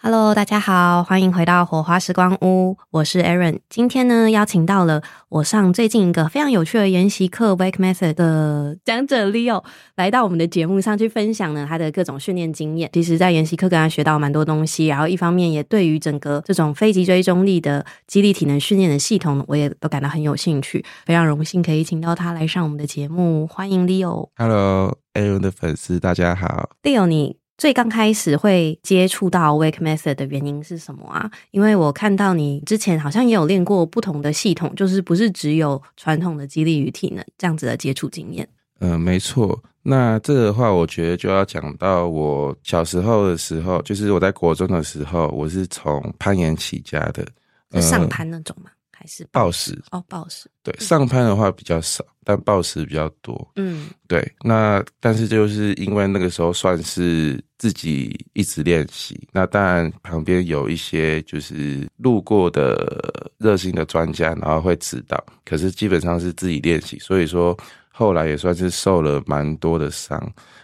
Hello，大家好，歡迎回到火花拾光屋，我是 Erin。今天呢，邀請到了我上最近一個非常有趣的研習課 Weckmethod 的講者 Leo 來到我們的節目上去分享呢他的各種訓練經驗。其實，在研習課跟他學到蠻多東西，然後一方面也對於整個這種非脊椎中立的肌力體能訓練的系統，我也都感到很有興趣。非常榮幸可以請到他來上我們的節目，歡迎 Leo。Hello，Erin 的粉絲，大家好。Leo，你。最剛開始會接觸到 Weckmethod 的原因是什麼啊？因為我看到你之前好像也有練過不同的系統，就是不是只有傳統的肌力與體能這樣子的接觸經驗？嗯、呃，沒錯。那這個話，我覺得就要講到我小時候的時候，就是我在國中的時候，我是從攀岩起家的。上攀那種嗎？呃、還是抱石哦？抱石對，嗯、上攀的話比較少。但暴食比較多，嗯，對，那但是就是因為那個時候算是自己一直練習，那當然旁邊有一些就是路過的熱心的專家，然後會指導，可是基本上是自己練習，所以說後來也算是受了蠻多的傷。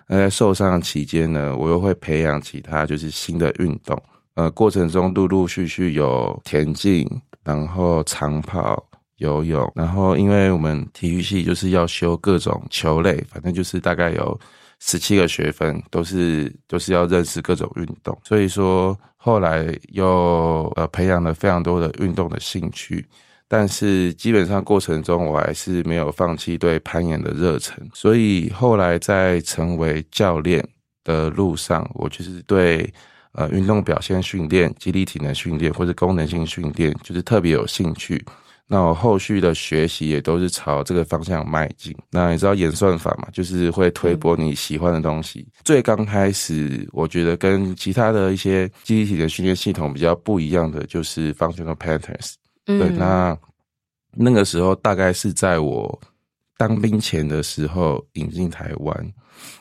那在受傷期間呢，我又會培養其他就是新的運動，呃，過程中陸陸續續有田徑，然後長跑，游泳，然後因為我們體育系就是要修各種球類，反正就是大概有十七個學分，都是都是要認識各種運動。所以說，後來又呃培養了非常多的運動的興趣，但是基本上過程中我還是沒有放棄對攀岩的熱忱。所以後來在成為教練的路上，我就是對呃運動表現訓練、肌力體能訓練或者功能性訓練就是特別有興趣。那我後續的學習也都是朝這個方向邁進。那你知道演算法嘛？就是會推播你喜歡的東西。嗯。最剛開始，我覺得跟其他的一些機器體的訓練系統比較不一樣的，就是 Functional Patterns。嗯。對。那那個時候大概是在我當兵前的時候引進台灣。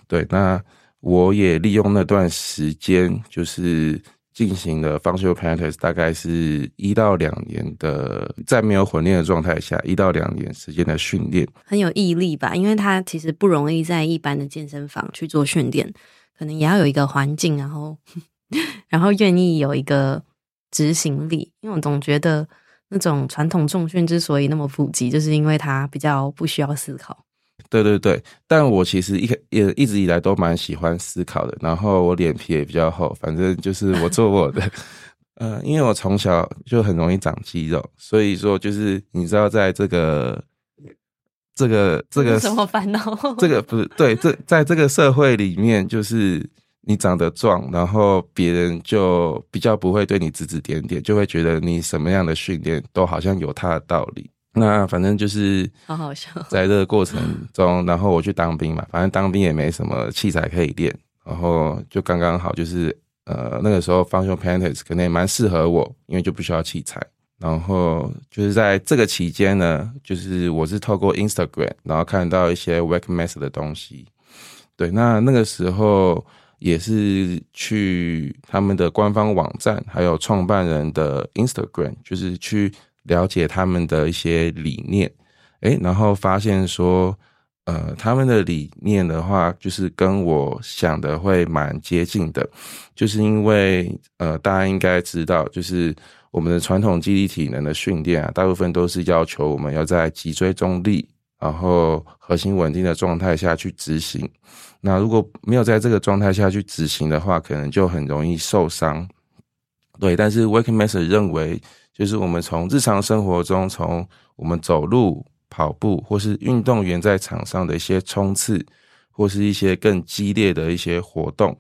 對，那我也利用那段時間就是。進行了 Functional Patterns，大概是一到兩年的，在沒有混練的狀態下，一到兩年時間的訓練，很有毅力吧？因為他其實不容易在一般的健身房去做訓練，可能也要有一個環境，然後， 然後願意有一個執行力。因為我總覺得，那種傳統重訓之所以那麼普及，就是因為他比較不需要思考。對對對，但我其實一開也一直以來都蠻喜歡思考的，然後我臉皮也比較厚，反正就是我做我的，嗯、 呃，因為我從小就很容易長肌肉，所以說就是你知道，在這個這個這個什麼煩惱，這個不是，對，這在這個社會裡面，就是你長得壯，然後別人就比較不會對你指指點點，就會覺得你什麼樣的訓練都好像有他的道理。那反正就是好好笑，在這個過程中，好好 然後我去當兵嘛，反正當兵也沒什麼器材可以練，然後就剛剛好，就是呃那個時候，Functional Patterns 肯可能也蠻適合我，因為就不需要器材。然後就是在這個期間呢，就是我是透過 Instagram，然後看到一些 Weckmethod 的東西，對，那那個時候也是去他們的官方網站，還有創辦人的 Instagram，就是去。了解他們的一些理念，誒、欸、然後發現說，呃，他們的理念的話，就是跟我想的會蠻接近的，就是因為，呃，大家應該知道，就是我們的傳統肌力體能的訓練啊，大部分都是要求我們要在脊椎中立，然後核心穩定的狀態下去執行。那如果沒有在這個狀態下去執行的話，可能就很容易受傷。對，但是 WeckMethod 認為。就是我們從日常生活中，從我們走路、跑步，或是運動員在場上的一些衝刺，或是一些更激烈的一些活動，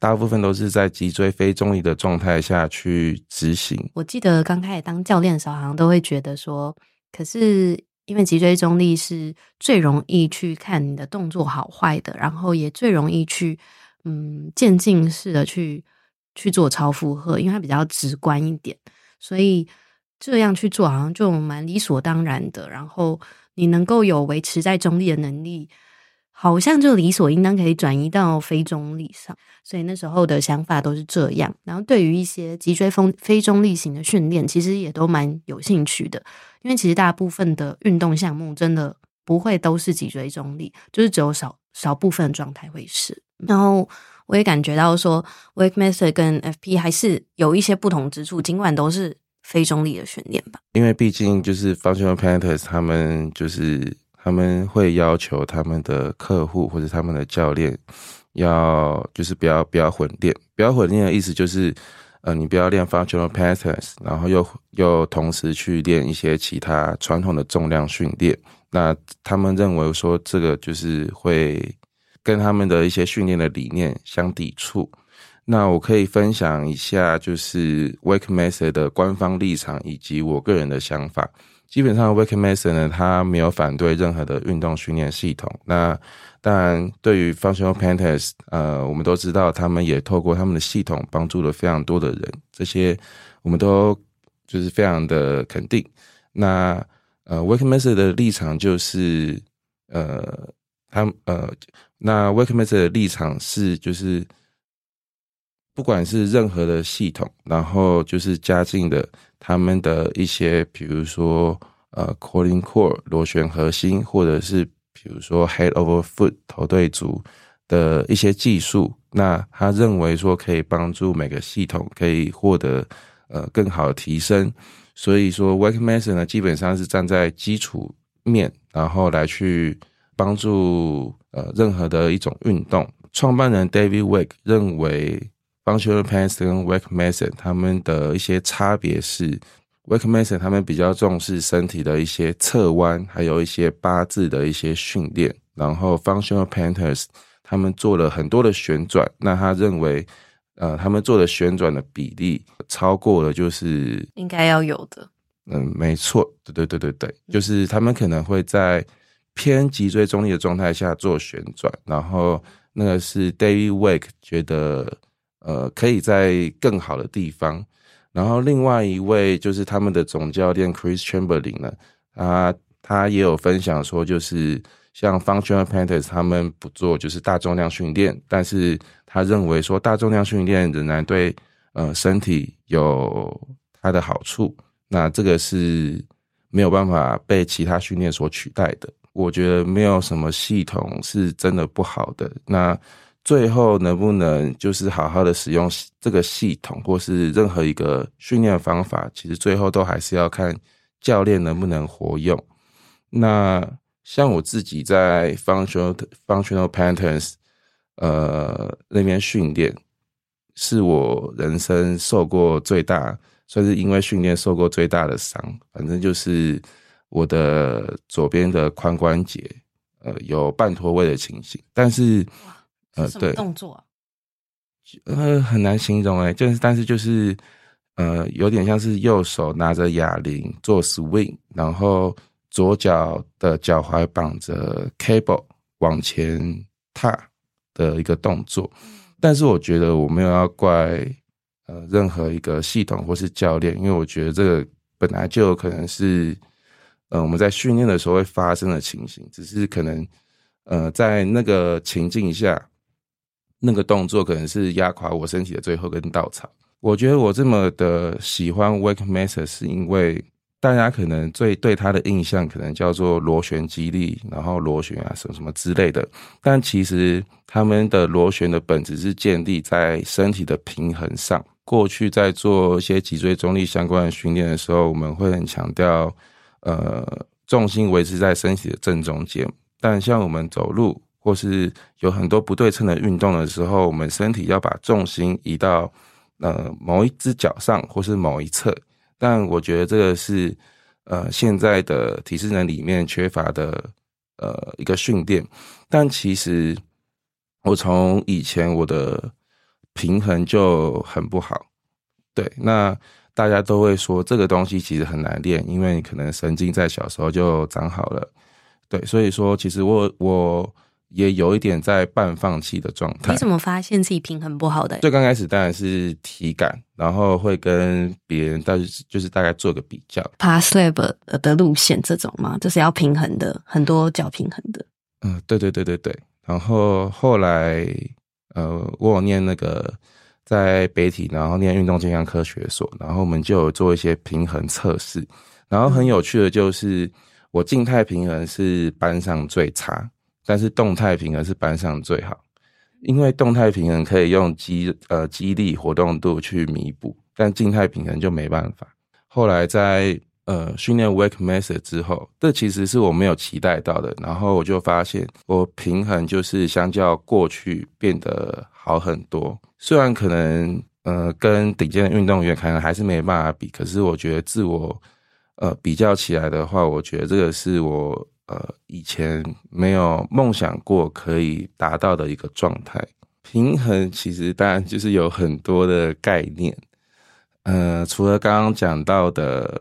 大部分都是在脊椎非中立的狀態下去執行。我記得剛開始當教練的時候，好像都會覺得說，可是因為脊椎中立是最容易去看你的動作好壞的，然後也最容易去，嗯，漸進式的去去做超負荷，因為它比較直觀一點。所以這樣去做，好像就蠻理所當然的。然後你能夠有維持在中立的能力，好像就理所應當可以轉移到非中立上。所以那時候的想法都是這樣。然後對於一些脊椎風非中立型的訓練，其實也都蠻有興趣的。因為其實大部分的運動項目真的不會都是脊椎中立，就是只有少少部分的狀態會是。然後。我也感覺到說 WeckMethod 跟 FP 還是有一些不同之處。儘管都是非中立的訓練吧？因為畢竟就是 Functional Patterns，他們就是他們會要求他們的客戶或者他們的教練，要就是不要不要混練，不要混練的意思就是，呃，你不要練 Functional Patterns，、嗯、然後又又同時去練一些其他傳統的重量訓練。那他們認為說這個就是會。跟他們的一些訓練的理念相抵觸。那我可以分享一下，就是 Weckmethod 的官方立場以及我個人的想法。基本上，Weckmethod 呢，他沒有反對任何的運動訓練系統。那當然，對於 Functional Patterns 呃，我們都知道，他們也透過他們的系統幫助了非常多的人。這些我們都就是非常的肯定。那呃，Weckmethod 的立場就是呃，他呃。那 WeckMethod 的立場是，就是不管是任何的系統，然後就是加進了他們的一些，比如說呃 Calling Core 螺旋核心，或者是比如說 Head over Foot 頭對足的一些技術，那他認為說可以幫助每個系統可以獲得呃更好的提升。所以說 WeckMethod 呢，基本上是站在基礎面，然後來去幫助。呃，任何的一種運動，創辦人 David Weck 認為，Functional Patterns 跟 Weckmethod 他們的一些差別是，Weckmethod 他們比較重視身體的一些側彎，還有一些八字的一些訓練，然後 Functional Patterns 他們做了很多的旋轉。那他認為，呃，他們做的旋轉的比例超過了，就是應該要有的。嗯，沒錯，對對對對對，就是他們可能會在。偏脊椎中立的狀態下做旋轉，然後那個是 Dave Weck 覺得呃可以在更好的地方。然後另外一位就是他們的總教練 Chris Chamberlin 呢，他，他也有分享說，就是像 Functional Patterns 他們不做就是大重量訓練，但是他認為說大重量訓練仍然對呃身體有它的好處。那這個是沒有辦法被其他訓練所取代的。我覺得沒有什麼系統是真的不好的。那最後能不能就是好好的使用這個系統，或是任何一個訓練方法，其實最後都還是要看教練能不能活用。那像我自己在 Functional, Functional Patterns，呃那邊訓練，是我人生受過最大，算是因為訓練受過最大的傷。反正就是。我的左邊的髖關節，呃，有半脫位的情形，但是，呃，對，動作、啊，呃，很難形容誒、欸、就是，但是就是，呃，有點像是右手拿着啞鈴做 swing，然後左腳的腳踝綁着 cable 往前踏的一個動作、嗯，但是我覺得我沒有要怪呃任何一個系統或是教練，因為我覺得這個本來就有可能是。呃，我們在訓練的時候會發生的情形，只是可能，呃，在那個情境下，那個動作可能是壓垮我身體的最後根稻草。我覺得我這麼的喜歡 WeckMethod，是因為大家可能最對他的印象，可能叫做螺旋肌力，然後螺旋啊，什麼什麼之類的。但其實他們的螺旋的本質是建立在身體的平衡上。過去在做一些脊椎中立相關的訓練的時候，我們會很強調。呃，重心維持在身體的正中間。但像我們走路或是有很多不對稱的運動的時候，我們身體要把重心移到呃某一只腳上或是某一側。但我覺得這個是呃現在的體適能裡面缺乏的呃一個訓練。但其實我從以前我的平衡就很不好，對，那。大家都會說這個東西其實很難練，因為你可能神經在小時候就長好了，對，所以說其實我我也有一點在半放棄的狀態。你怎麼發現自己平衡不好的？欸，最剛開始當然是體感，然後會跟別人就是大概做個比較。爬 slab 的路線這種嘛，就是要平衡的，很多腳平衡的。嗯，對對對對對。然後後來呃，我有念那個。在北體，然後念運動健康科學所，然後我們就有做一些平衡測試，然後很有趣的，就是我靜態平衡是班上最差，但是動態平衡是班上最好，因為動態平衡可以用肌呃肌力活動度去彌補，但靜態平衡就沒辦法。後來在呃訓練 WeckMethod 之後，這其實是我沒有期待到的，然後我就發現我平衡就是相較過去變得好很多。雖然可能，呃，跟頂尖的運動員可能還是沒辦法比，可是我覺得自我，呃，比較起來的話，我覺得這個是我呃以前沒有夢想過可以達到的一個狀態。平衡其實當然就是有很多的概念，呃，除了剛剛講到的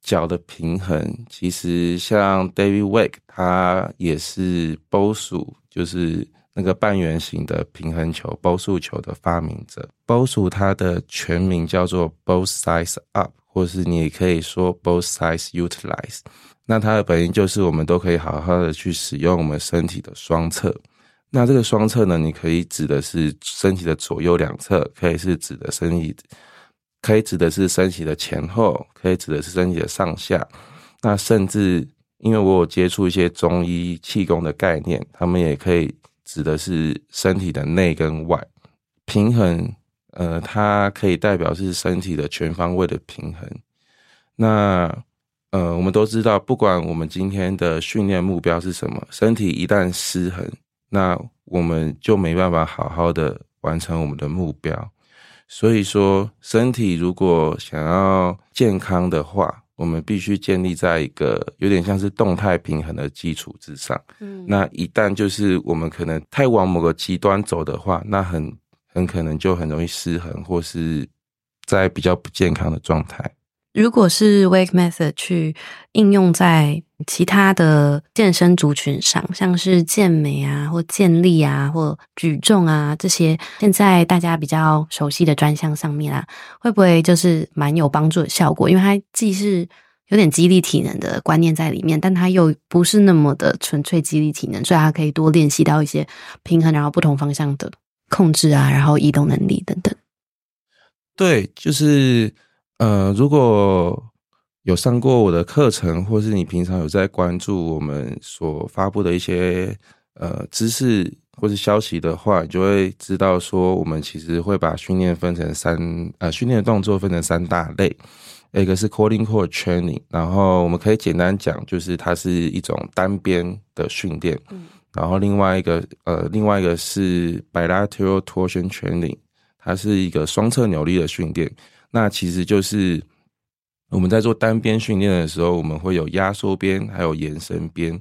腳的平衡，其實像 David Weck 他也是 Bosu，就是。那個半圓形的平衡球，包束球的發明者，包束它的全名叫做 “both sides up”，或是你也可以說 “both sides utilize”。那它的本意就是我們都可以好好的去使用我們身體的雙側。那這個雙側呢，你可以指的是身體的左右兩側，可以是指的身體，可以指的是身體的前後，可以指的是身體的上下。那甚至因為我有接觸一些中醫氣功的概念，他們也可以。指的是身體的內跟外平衡，呃，它可以代表是身體的全方位的平衡。那呃，我們都知道，不管我們今天的訓練目標是什麼，身體一旦失衡，那我們就沒辦法好好的完成我們的目標。所以說，身體如果想要健康的話，我們必須建立在一個有點像是動態平衡的基礎之上。嗯，那一旦就是我們可能太往某個極端走的話，那很很可能就很容易失衡，或是在比較不健康的狀態。如果是 Weckmethod 去應用在其他的健身族群上，像是健美啊、或健力啊、或舉重啊這些現在大家比較熟悉的專項上面啊，會不會就是蠻有幫助的效果？因為它既是有點肌力體能的觀念在裡面，但它又不是那麼的純粹肌力體能，所以它可以多練習到一些平衡，然後不同方向的控制啊，然後移動能力等等。對，就是。呃，如果有上過我的課程，或是你平常有在關注我們所發布的一些呃知識或是消息的話，你就會知道說，我們其實會把訓練分成三呃，訓練的動作分成三大類，一個是 cording core training，然後我們可以簡單講，就是它是一種單邊的訓練，嗯、然後另外一個呃，另外一個是 bilateral torsion training，它是一個雙側扭力的訓練。那其實就是我們在做單邊訓練的時候，我們會有壓縮邊，還有延伸邊。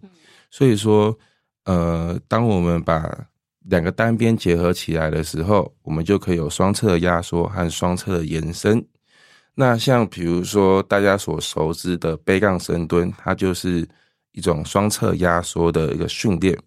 所以說，呃，當我們把兩個單邊結合起來的時候，我們就可以有雙側壓縮和雙側的延伸。那像比如說大家所熟知的背槓深蹲，它就是一種雙側壓縮的一個訓練。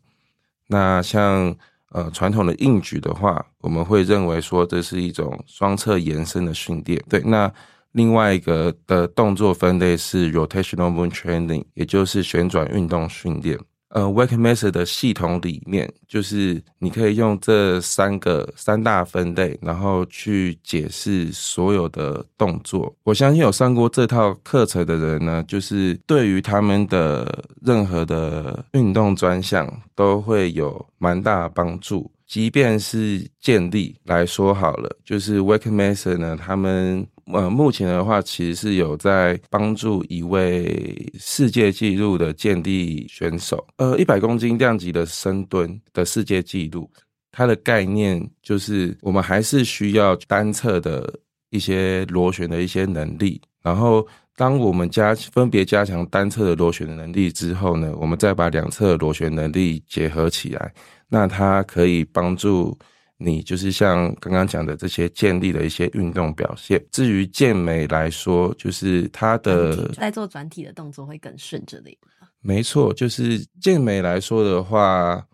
那像，呃，傳統的硬舉的話，我們會認為說這是一種雙側延伸的訓練。對，那另外一個的動作分類是 rotational movement training，也就是旋轉運動訓練。呃 WeckMethod 的系統裡面，就是你可以用這三個三大分類，然後去解釋所有的動作。我相信有上過這套課程的人呢，就是對於他們的任何的運動專項都會有蠻大幫助。即便是健力來說好了，就是 WeckMethod 呢，他們呃目前的話，其實是有在幫助一位世界紀錄的健力選手，呃，一百公斤量級的深蹲的世界紀錄。它的概念就是，我們還是需要單側的一些螺旋的一些能力，然後當我們加，分別加強單側的螺旋的能力之後呢，我們再把兩側螺旋能力結合起來。那它可以幫助你，就是像剛剛講的這些建立的一些運動表現。至於健美來說，就是它的在做轉體的動作會更順着力。沒錯，就是健美來說的話，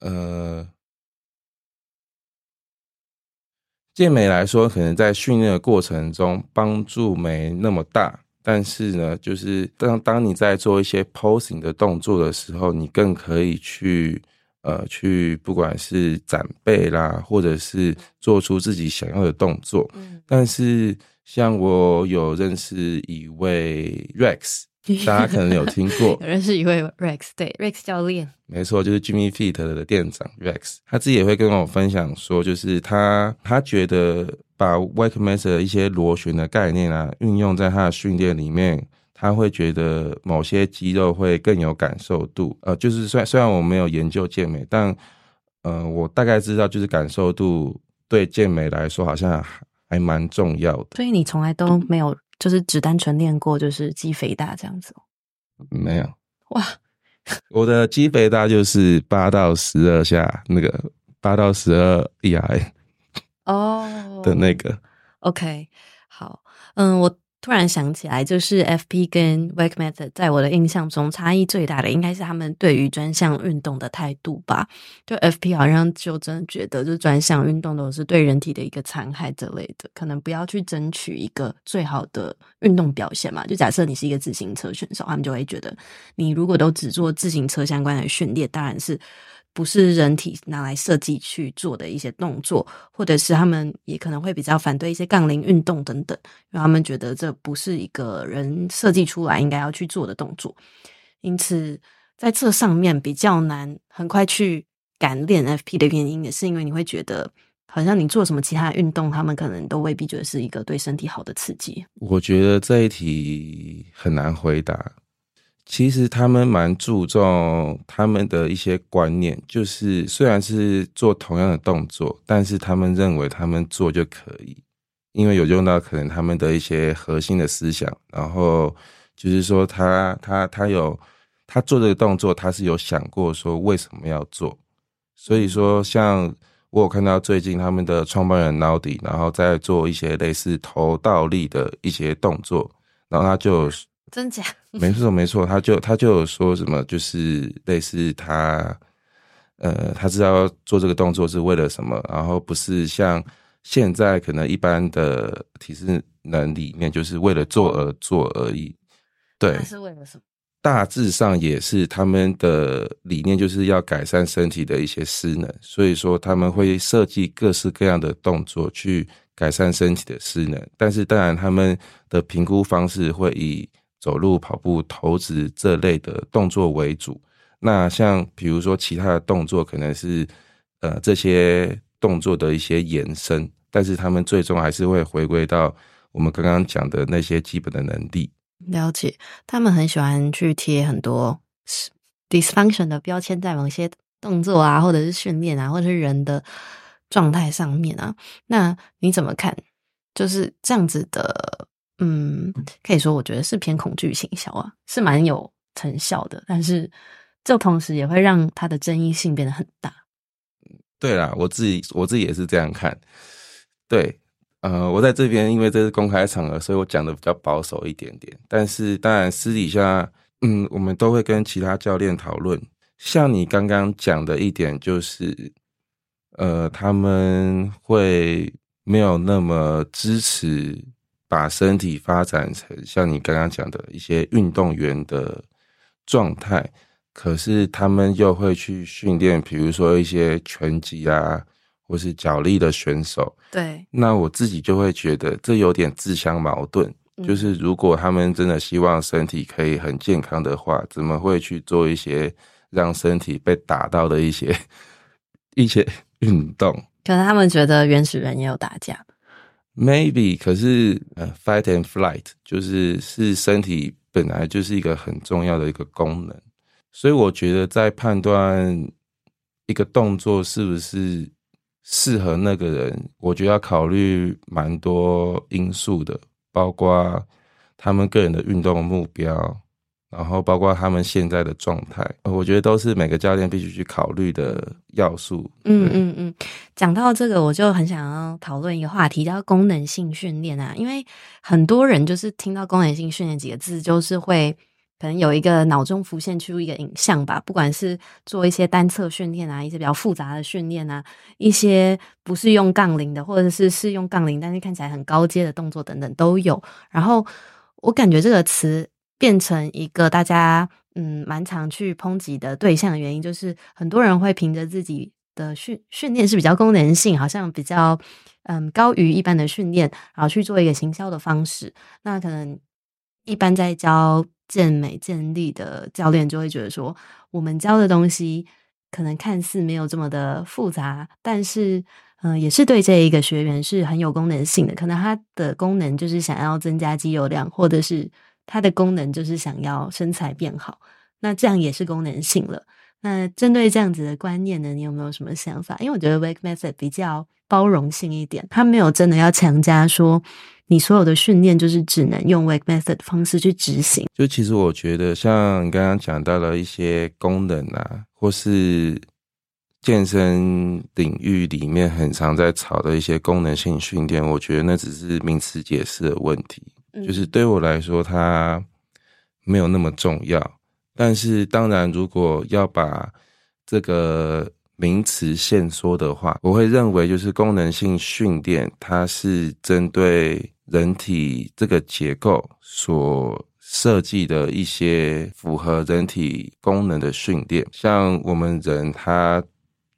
呃，健美來說可能在訓練的過程中幫助沒那麼大，但是呢，就是當當你在做一些 posing 的動作的時候，你更可以去。呃，去不管是長輩啦，或者是做出自己想要的動作，嗯，但是像我有認識一位 Rex， 大家可能有聽過， 有認識一位 Rex，對，Rex 教練，沒錯，就是 Jimmy Feet 的店長 Rex，他自己也會跟我分享說，就是他他覺得把 Weckmethod 一些螺旋的概念啊，運用在他的訓練裡面。他會覺得某些肌肉會更有感受度，呃，就是雖雖然我沒有研究健美，但，呃，我大概知道，就是感受度對健美來說好像還蠻重要的。所以你從來都沒有，就是只單純練過，就是肌肥大這樣子，喔嗯？沒有哇， 我的肌肥大就是八到十二下那個八到十二以來。哦、oh, 的那個。OK，好，嗯，我。突然想起來，就是 FP 跟 Weckmethod 在我的印象中差異最大的，應該是他們對於專項運動的態度吧。就 FP 好像就真的覺得，就專項運動都是對人體的一個殘害之類的，可能不要去爭取一個最好的運動表現嘛。就假設你是一個自行車選手，他們就會覺得你如果都只做自行車相關的訓練，當然是。不是人體拿來設計去做的一些動作，或者是他們也可能會比較反對一些槓鈴運動等等，因為他們覺得這不是一個人設計出來應該要去做的動作。因此，在這上面比較難很快去敢練 FP 的原因，也是因為你會覺得好像你做什麼其他的運動，他們可能都未必覺得是一個對身體好的刺激。我覺得這一題很難回答。其實他們蠻注重他們的一些觀念，就是雖然是做同樣的動作，但是他們認為他們做就可以，因為有用到可能他們的一些核心的思想。然後就是說他，他他他有他做這個動作，他是有想過說為什麼要做。所以說，像我有看到最近他們的創辦人 Naudi，然後在做一些類似頭倒立的一些動作，然後他就。真假 沒錯沒錯，他就他就有說什麼，就是類似他，呃，他知道做這個動作是為了什麼，然後不是像現在可能一般的體適能裡面，就是為了做而做而已。對，是為了什麼？大致上也是他們的理念，就是要改善身體的一些失能，所以說他們會設計各式各樣的動作去改善身體的失能。但是當然，他們的評估方式會以走路、跑步、投擲這類的動作為主。那像比如說其他的動作，可能是呃這些動作的一些延伸，但是他們最終還是會回歸到我們剛剛講的那些基本的能力。了解，他們很喜歡去貼很多 dysfunction 的標籤在某些動作啊，或者是訓練啊，或者是人的狀態上面啊。那你怎麼看？就是這樣子的。嗯，可以說我覺得是偏恐懼營銷啊，是蠻有成效的，但是這同時也會讓他的爭議性變得很大。對啦，我自己我自己也是這樣看。對，呃，我在這邊因為這是公開場合，所以我講的比較保守一點點。但是當然私底下，嗯，我們都會跟其他教練討論。像你剛剛講的一點，就是呃，他們會沒有那麼支持。把身體發展成像你剛剛講的一些運動員的狀態，可是他們又會去訓練，比如說一些拳擊啊，或是角力的選手。對，那我自己就會覺得這有點自相矛盾，嗯。就是如果他們真的希望身體可以很健康的話，怎麼會去做一些讓身體被打到的一些一些運動？可能他們覺得原始人也有打架。Maybe，可是呃，fight and flight 就是是身體，本來就是一個很重要的一個功能，所以我覺得在判斷一個動作是不是適合那個人，我覺得要考慮蠻多因素的，包括他們個人的運動目標。然後包括他們現在的狀態，我覺得都是每個教練必須去考慮的要素。嗯嗯嗯，講到這個，我就很想要討論一個話題，叫功能性訓練啊。因為很多人就是聽到功能性訓練的幾個字，就是會可能有一個腦中浮現出一個影像吧。不管是做一些單側訓練啊，一些比較複雜的訓練啊，一些不是用槓鈴的，或者是是用槓鈴但是看起來很高階的動作等等都有。然後我感覺這個詞。變成一個大家嗯蠻常去抨擊的對象的原因，就是很多人會憑着自己的訓訓練是比較功能性，好像比較嗯高於一般的訓練，然後去做一個行銷的方式。那可能一般在教健美、健力的教練就會覺得說，我們教的東西可能看似沒有這麼的複雜，但是嗯，呃，也是對這一個學員是很有功能性的。可能他的功能就是想要增加肌肉量，或者是。它的功能就是想要身材變好，那這樣也是功能性了。那針對這樣子的觀念呢，你有沒有什麼想法？因為我覺得 Weckmethod 比較包容性一點，它沒有真的要強加說你所有的訓練就是只能用 Weckmethod 的方式去執行。就其實我覺得，像剛剛講到的一些功能啊，或是健身領域裡面很常在吵的一些功能性訓練，我覺得那只是名詞解釋的問題。就是對我來說，它沒有那麼重要。但是，當然，如果要把這個名詞限縮的話，我會認為就是功能性訓練，它是針對人體這個結構所設計的一些符合人體功能的訓練。像我們人，它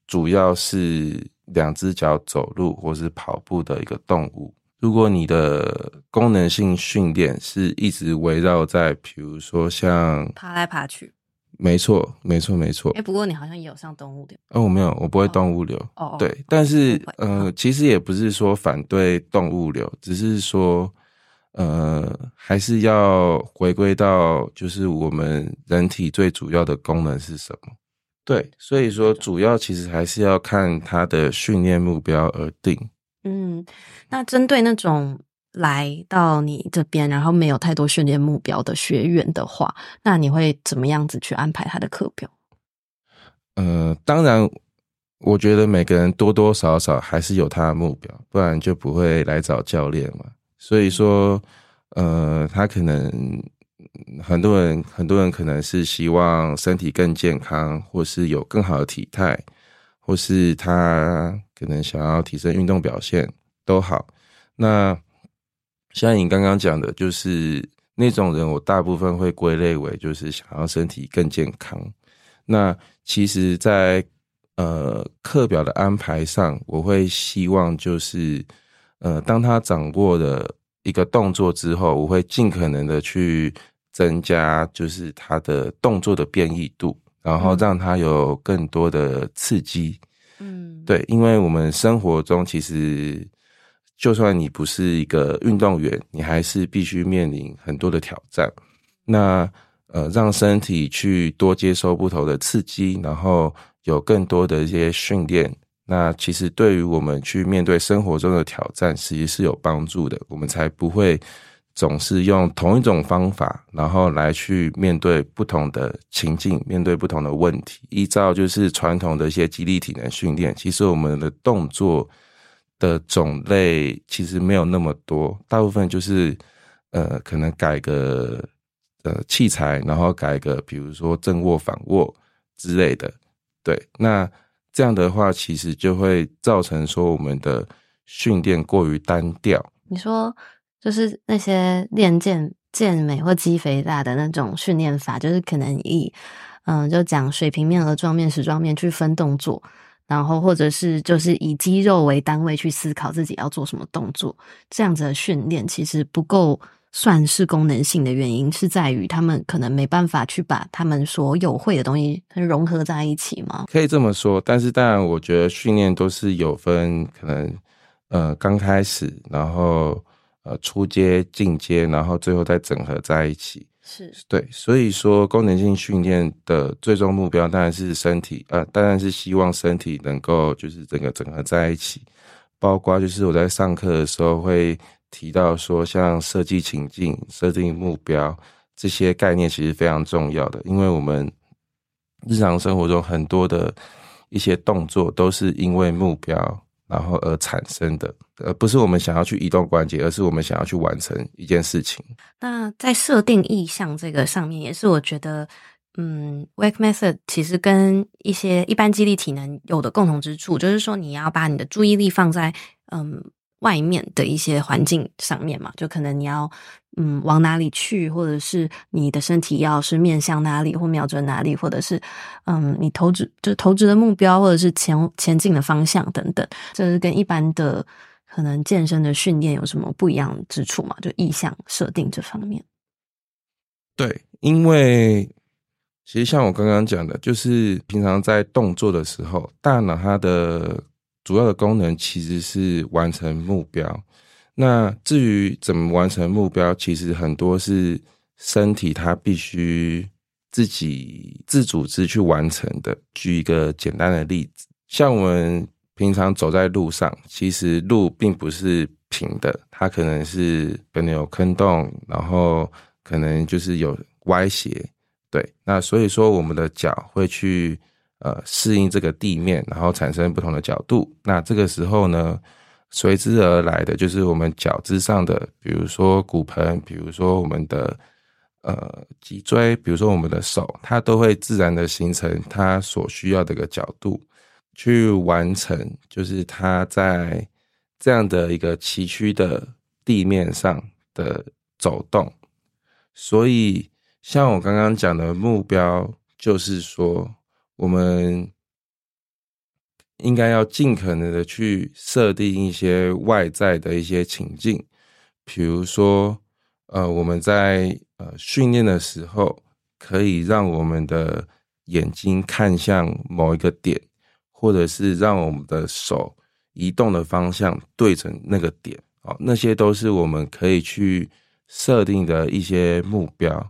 主要是兩隻腳走路或是跑步的一個動物。如果你的功能性訓練是一直圍繞在，比如說像爬來爬去，沒錯，沒錯，沒錯。哎，不過你好像也有上動物流。哦，我沒有，我不會動物流。哦，對，哦、但是、哦、呃，其實也不是說反對動物流，只是說呃，還是要回歸到就是我們人體最主要的功能是什麼？對，所以說主要其實還是要看他的訓練目標而定。嗯，那針對那種來到你這邊，然後沒有太多訓練目標的學員的話，那你會怎麼樣子去安排他的課表？呃，當然，我覺得每個人多多少少還是有他的目標，不然就不會來找教練嘛。所以說，嗯、呃，他可能很多人，很多人可能是希望身體更健康，或是有更好的體態，或是他。可能想要提升運動表現都好，那像你剛剛講的，就是那種人，我大部分會歸類為就是想要身體更健康。那其實在，在呃課表的安排上，我會希望就是呃當他掌握了一個動作之後，我會盡可能的去增加就是他的動作的變異度，然後讓他有更多的刺激。嗯嗯，對，因為我們生活中其實，就算你不是一個運動員，你還是必須面臨很多的挑戰。那呃，讓身體去多接受不同的刺激，然後有更多的一些訓練，那其實對於我們去面對生活中的挑戰，其實是有幫助的。我們才不會。總是用同一種方法，然後來去面對不同的情境，面對不同的問題。依照就是傳統的一些肌力體能訓練，其實我們的動作的種類其實沒有那麼多，大部分就是呃，可能改個呃器材，然後改個比如說正握反握之類的。對，那這樣的話，其實就會造成說我們的訓練過於單調。你說。就是那些練健健美或肌肥大的那種訓練法，就是可能以，嗯、呃，就講水平面和額狀面、矢狀面去分動作，然後或者是就是以肌肉為單位去思考自己要做什麼動作，這樣子的訓練其實不夠算是功能性的原因，是在於他們可能沒辦法去把他們所有會的東西融合在一起嘛。可以這麼說，但是當然，我覺得訓練都是有分，可能呃，剛開始，然後。呃，出街進階，然後最後再整合在一起，是對。所以說，功能性訓練的最終目標當然是身體，呃，當然是希望身體能夠就是整個整合在一起。包括就是我在上課的時候會提到說，像設計情境、設定目標這些概念，其實非常重要的，因為我們日常生活中很多的一些動作都是因為目標。然後而產生的，而不是我們想要去移動關節，而是我們想要去完成一件事情。那在設定意象這個上面，也是我覺得，嗯，Weckmethod 其實跟一些一般肌力體能有的共同之處，就是說你要把你的注意力放在，嗯。外面的一些環境上面嘛，就可能你要嗯往哪裡去，或者是你的身體要是面向哪裡或瞄準哪裡，或者是嗯你投擲就投擲的目標或者是前前進的方向等等，這是跟一般的可能健身的訓練有什麼不一樣之處嘛？就意象設定這方面。對，因為其實像我剛剛講的，就是平常在動作的時候，大腦它的。主要的功能其實是完成目標。那至於怎麼完成目標，其實很多是身體它必須自己自組織去完成的。舉一個簡單的例子，像我們平常走在路上，其實路並不是平的，它可能是本有坑洞，然後可能就是有歪斜，對。那所以說，我們的腳會去。呃，適應這個地面，然後產生不同的角度。那這個時候呢，隨之而來的就是我們腳之上的，比如說骨盆，比如說我們的呃脊椎，比如說我們的手，它都會自然的形成它所需要的一個角度，去完成就是它在這樣的一個崎嶇的地面上的走動。所以，像我剛剛講的目標，就是說。我們應該要盡可能的去設定一些外在的一些情境，比如說，呃，我們在，呃，訓練的時候，可以讓我們的眼睛看向某一個點，或者是讓我們的手移動的方向對準那個點，哦，那些都是我們可以去設定的一些目標。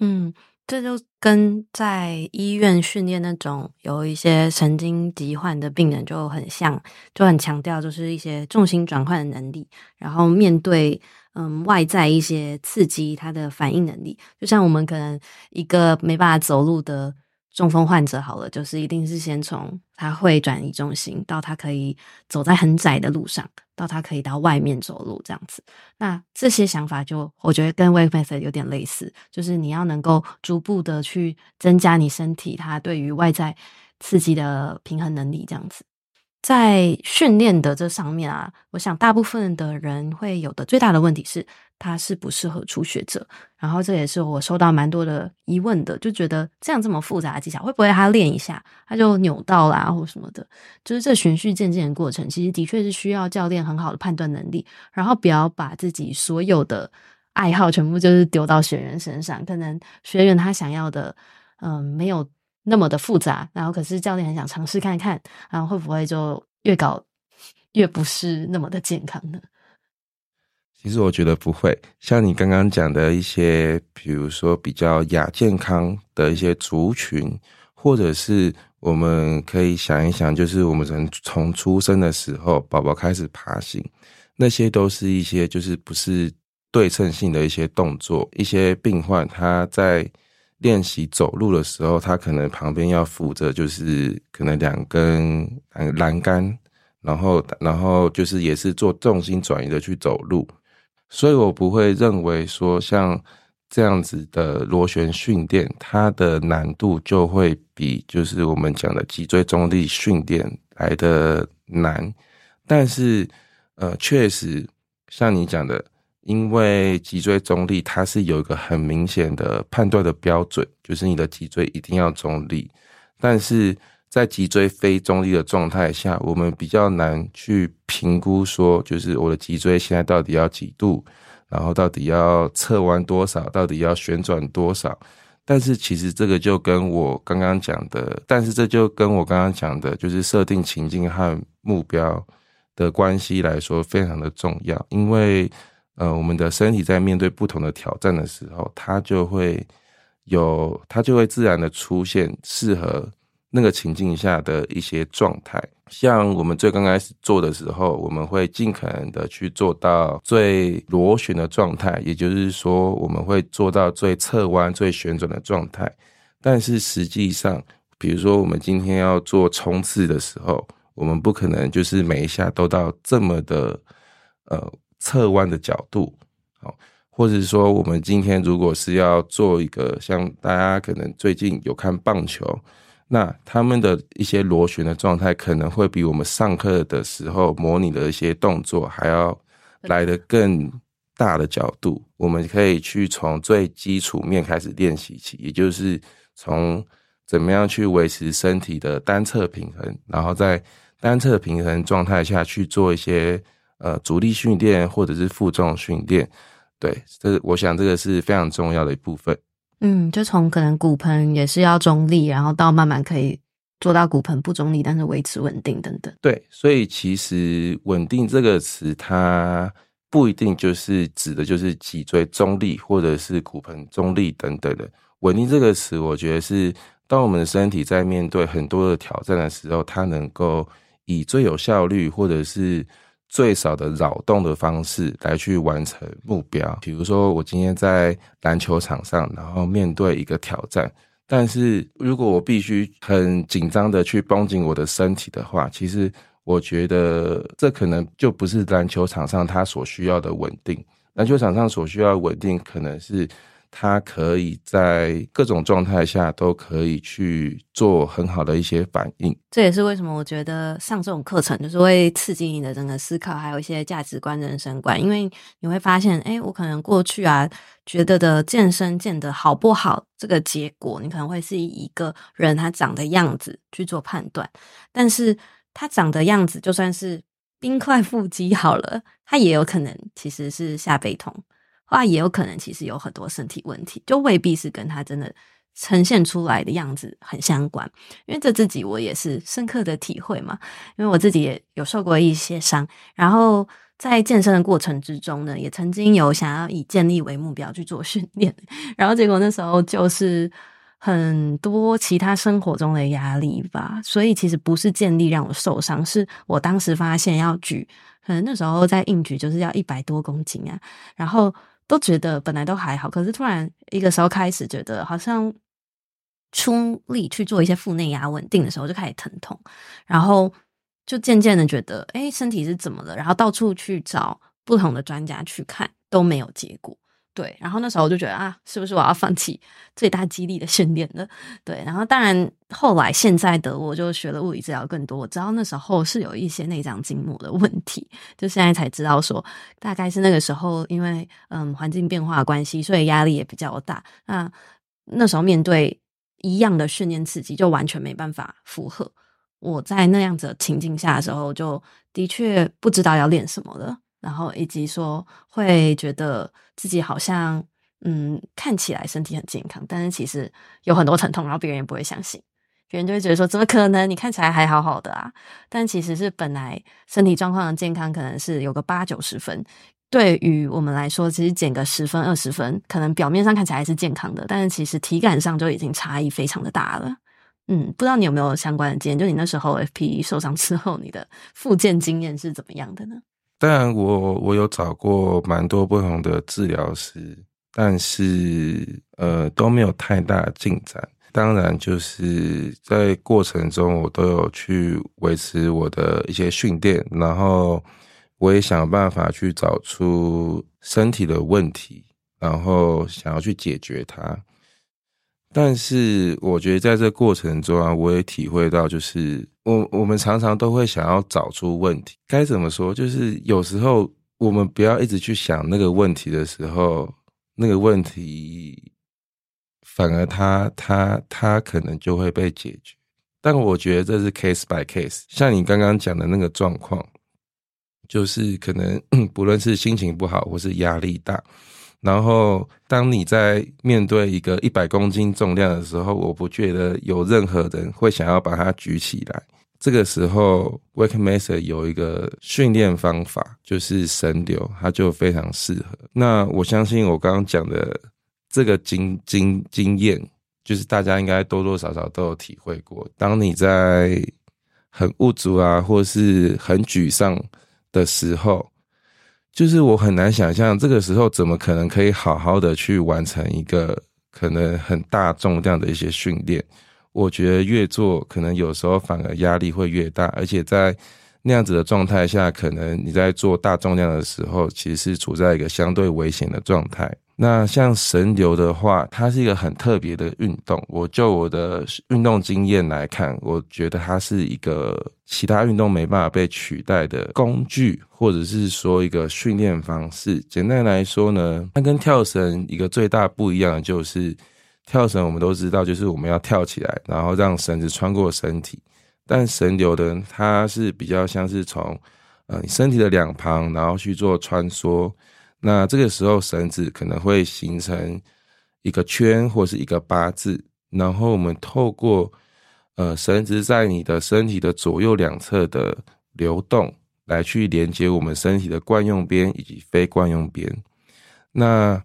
嗯。這就跟在醫院訓練那種有一些神經疾患的病人就很像，就很強調就是一些重心轉換的能力，然後面對嗯外在一些刺激，他的反應能力，就像我們可能一個沒辦法走路的。中風患者好了，就是一定是先從他會轉移重心，到他可以走在很窄的路上，到他可以到外面走路這樣子。那這些想法就我覺得跟 Weckmethod 有點類似，就是你要能夠逐步的去增加你身體它對於外在刺激的平衡能力這樣子。在訓練的這上面啊，我想大部分的人會有的最大的問題是，他是不適合初學者。然後這也是我收到蠻多的疑問的，就覺得這樣這麼複雜的技巧，會不會他練一下他就扭到啦，或什麼的？就是這循序漸進的過程，其實的確是需要教練很好的判斷能力，然後不要把自己所有的愛好全部就是丟到學員身上，可能學員他想要的，嗯、呃，沒有。那麼的複雜，然後可是教練很想嘗試看看，然後會不會就越搞越不是那麼的健康呢？其實我覺得不會，像你剛剛講的一些，比如說比較亞健康的一些族群，或者是我們可以想一想，就是我們從從出生的時候，寶寶開始爬行，那些都是一些就是不是對稱性的一些動作，一些病患他在。練習走路的時候，他可能旁邊要扶着，就是可能兩根欄杆，然後，然後就是也是做重心轉移的去走路，所以我不會認為說像這樣子的螺旋訓練，它的難度就會比就是我們講的脊椎中立訓練來得難，但是呃，確實像你講的。因為脊椎中立，它是有一個很明顯的判斷的標準，就是你的脊椎一定要中立。但是在脊椎非中立的狀態下，我們比較難去評估說，就是我的脊椎現在到底要幾度，然後到底要側彎多少，到底要旋轉多少。但是其實這個就跟我剛剛講的，但是這就跟我剛剛講的，就是設定情境和目標的關係來說，非常的重要，因為。呃，我們的身體在面對不同的挑戰的時候，它就會有，它就會自然的出現適合那個情境下的一些狀態。像我們最剛開始做的時候，我們會盡可能的去做到最螺旋的狀態，也就是說，我們會做到最側彎、最旋轉的狀態。但是實際上，比如說我們今天要做衝刺的時候，我們不可能就是每一下都到這麼的，呃。側彎的角度，或者說，我們今天如果是要做一個像大家可能最近有看棒球，那他們的一些螺旋的狀態，可能會比我們上課的時候模擬的一些動作還要來得更大的角度。嗯。我們可以去從最基礎面開始練習起，也就是從怎麼樣去維持身體的單側平衡，然後在單側平衡狀態下去做一些。呃，阻力訓練或者是負重訓練，對，這我想這個是非常重要的一部分。嗯，就從可能骨盆也是要中立，然後到慢慢可以做到骨盆不中立，但是維持穩定等等。對，所以其實“穩定”這個詞，它不一定就是指的就是脊椎中立，或者是骨盆中立等等的。穩定這個詞，我覺得是當我們的身體在面對很多的挑戰的時候，它能夠以最有效率，或者是最少的擾動的方式來去完成目標。比如說，我今天在籃球場上，然後面對一個挑戰。但是如果我必須很緊張的去繃緊我的身體的話，其實我覺得這可能就不是籃球場上它所需要的穩定。籃球場上所需要的穩定可能是。他可以在各種狀態下都可以去做很好的一些反應，這也是為什麼我覺得上這種課程就是會刺激你的整個思考，還有一些價值觀、人生觀。因為你會發現，哎，我可能過去啊覺得的健身健的好不好，這個結果你可能會是以一個人他長的樣子去做判斷，但是他長的樣子就算是冰塊腹肌好了，他也有可能其實是下背痛。那也有可能，其實有很多身體問題，就未必是跟他真的呈現出來的樣子很相關。因為這自己我也是深刻的體會嘛。因為我自己也有受過一些傷，然後在健身的過程之中呢，也曾經有想要以健力為目標去做訓練，然後結果那時候就是很多其他生活中的壓力吧。所以其實不是健力讓我受傷，是我當時發現要舉，可能那時候在硬舉就是要一百多公斤啊，然後。都覺得本來都還好，可是突然一個時候開始覺得好像出力去做一些腹內壓穩定的時候就開始疼痛，然後就漸漸的覺得，哎，身體是怎麼了，然後到處去找不同的專家去看，都沒有結果。對，然後那時候我就覺得啊，是不是我要放棄最大肌力的訓練呢？對，然後當然後來現在的我就學了物理治療更多，我知道那時候是有一些內臟筋膜的問題，就現在才知道說大概是那個時候，因為嗯環境變化的關係，所以壓力也比較大。那那時候面對一樣的訓練刺激，就完全沒辦法負荷。我在那樣子的情境下的時候，就的確不知道要練什麼了。然後以及說會覺得自己好像嗯看起來身體很健康，但是其實有很多疼痛，然後別人也不會相信，別人就會覺得說，怎麼可能？你看起來還好好的啊，但其實是本來身體狀況的健康可能是有個八九十分。對於我們來說，其實減個十分二十分，可能表面上看起來還是健康的，但是其實體感上就已經差異非常的大了。嗯，不知道你有沒有相關的經驗？就你那時候 FPE 受傷之後，你的復健經驗是怎麼樣的呢？當然我，我我有找過蠻多不同的治療師，但是呃都沒有太大進展。當然，就是在過程中，我都有去維持我的一些訓練，然後我也想辦法去找出身體的問題，然後想要去解決它。但是，我覺得在這個過程中啊，我也體會到就是。我我們常常都會想要找出問題，該怎麼說？就是有時候我們不要一直去想那個問題的時候，那個問題反而它它它可能就會被解決。但我覺得這是 case by case。像你剛剛講的那個狀況，就是可能不論是心情不好或是壓力大，然後，當你在面對一個一百公斤重量的時候，我不覺得有任何人會想要把它舉起來。這個時候 Weckmethod 有一個訓練方法，就是繩流，它就非常適合。那我相信我剛剛講的這個經經經驗，就是大家應該多多少少都有體會過。當你在很無助啊，或是很沮喪的時候，就是我很難想象這個時候怎麼可能可以好好的去完成一個可能很大重量的一些訓練。我覺得越做可能有時候反而壓力會越大，而且在那樣子的狀態下，可能你在做大重量的時候，其實是處在一個相對危險的狀態。那像繩流的話，它是一個很特別的運動。我就我的運動經驗來看，我覺得它是一個其他運動沒辦法被取代的工具，或者是說一個訓練方式。簡單來說呢，它跟跳繩一個最大不一樣的就是，跳繩我們都知道，就是我們要跳起來，然後讓繩子穿過身體。但繩流的它是比較像是從，呃，你身體的兩旁，然後去做穿梭。那這個時候，繩子可能會形成一個圈，或是一個八字，然後我們透過呃繩子在你的身體的左右兩側的流動，來去連接我們身體的慣用邊以及非慣用邊。那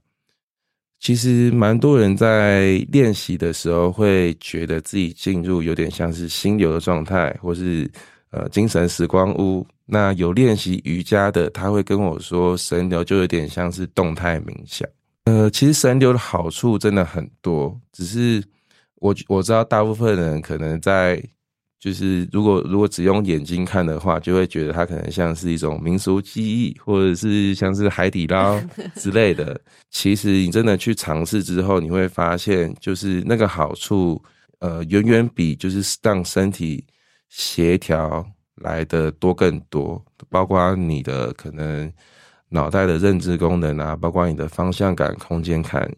其實蠻多人在練習的時候，會覺得自己進入有點像是心流的狀態，或是呃精神時光屋。那有練習瑜伽的，他會跟我說，繩流就有點像是動態冥想。呃，其實繩流的好處真的很多，只是我我知道，大部分人可能在就是，如果如果只用眼睛看的話，就會覺得它可能像是一種民俗技藝或者是像是海底撈之類的。 其實你真的去嘗試之後，你會發現，就是那個好處，呃，遠遠比就是讓身體協調來的多更多，包括你的可能腦袋的認知功能啊，包括你的方向感、空間感。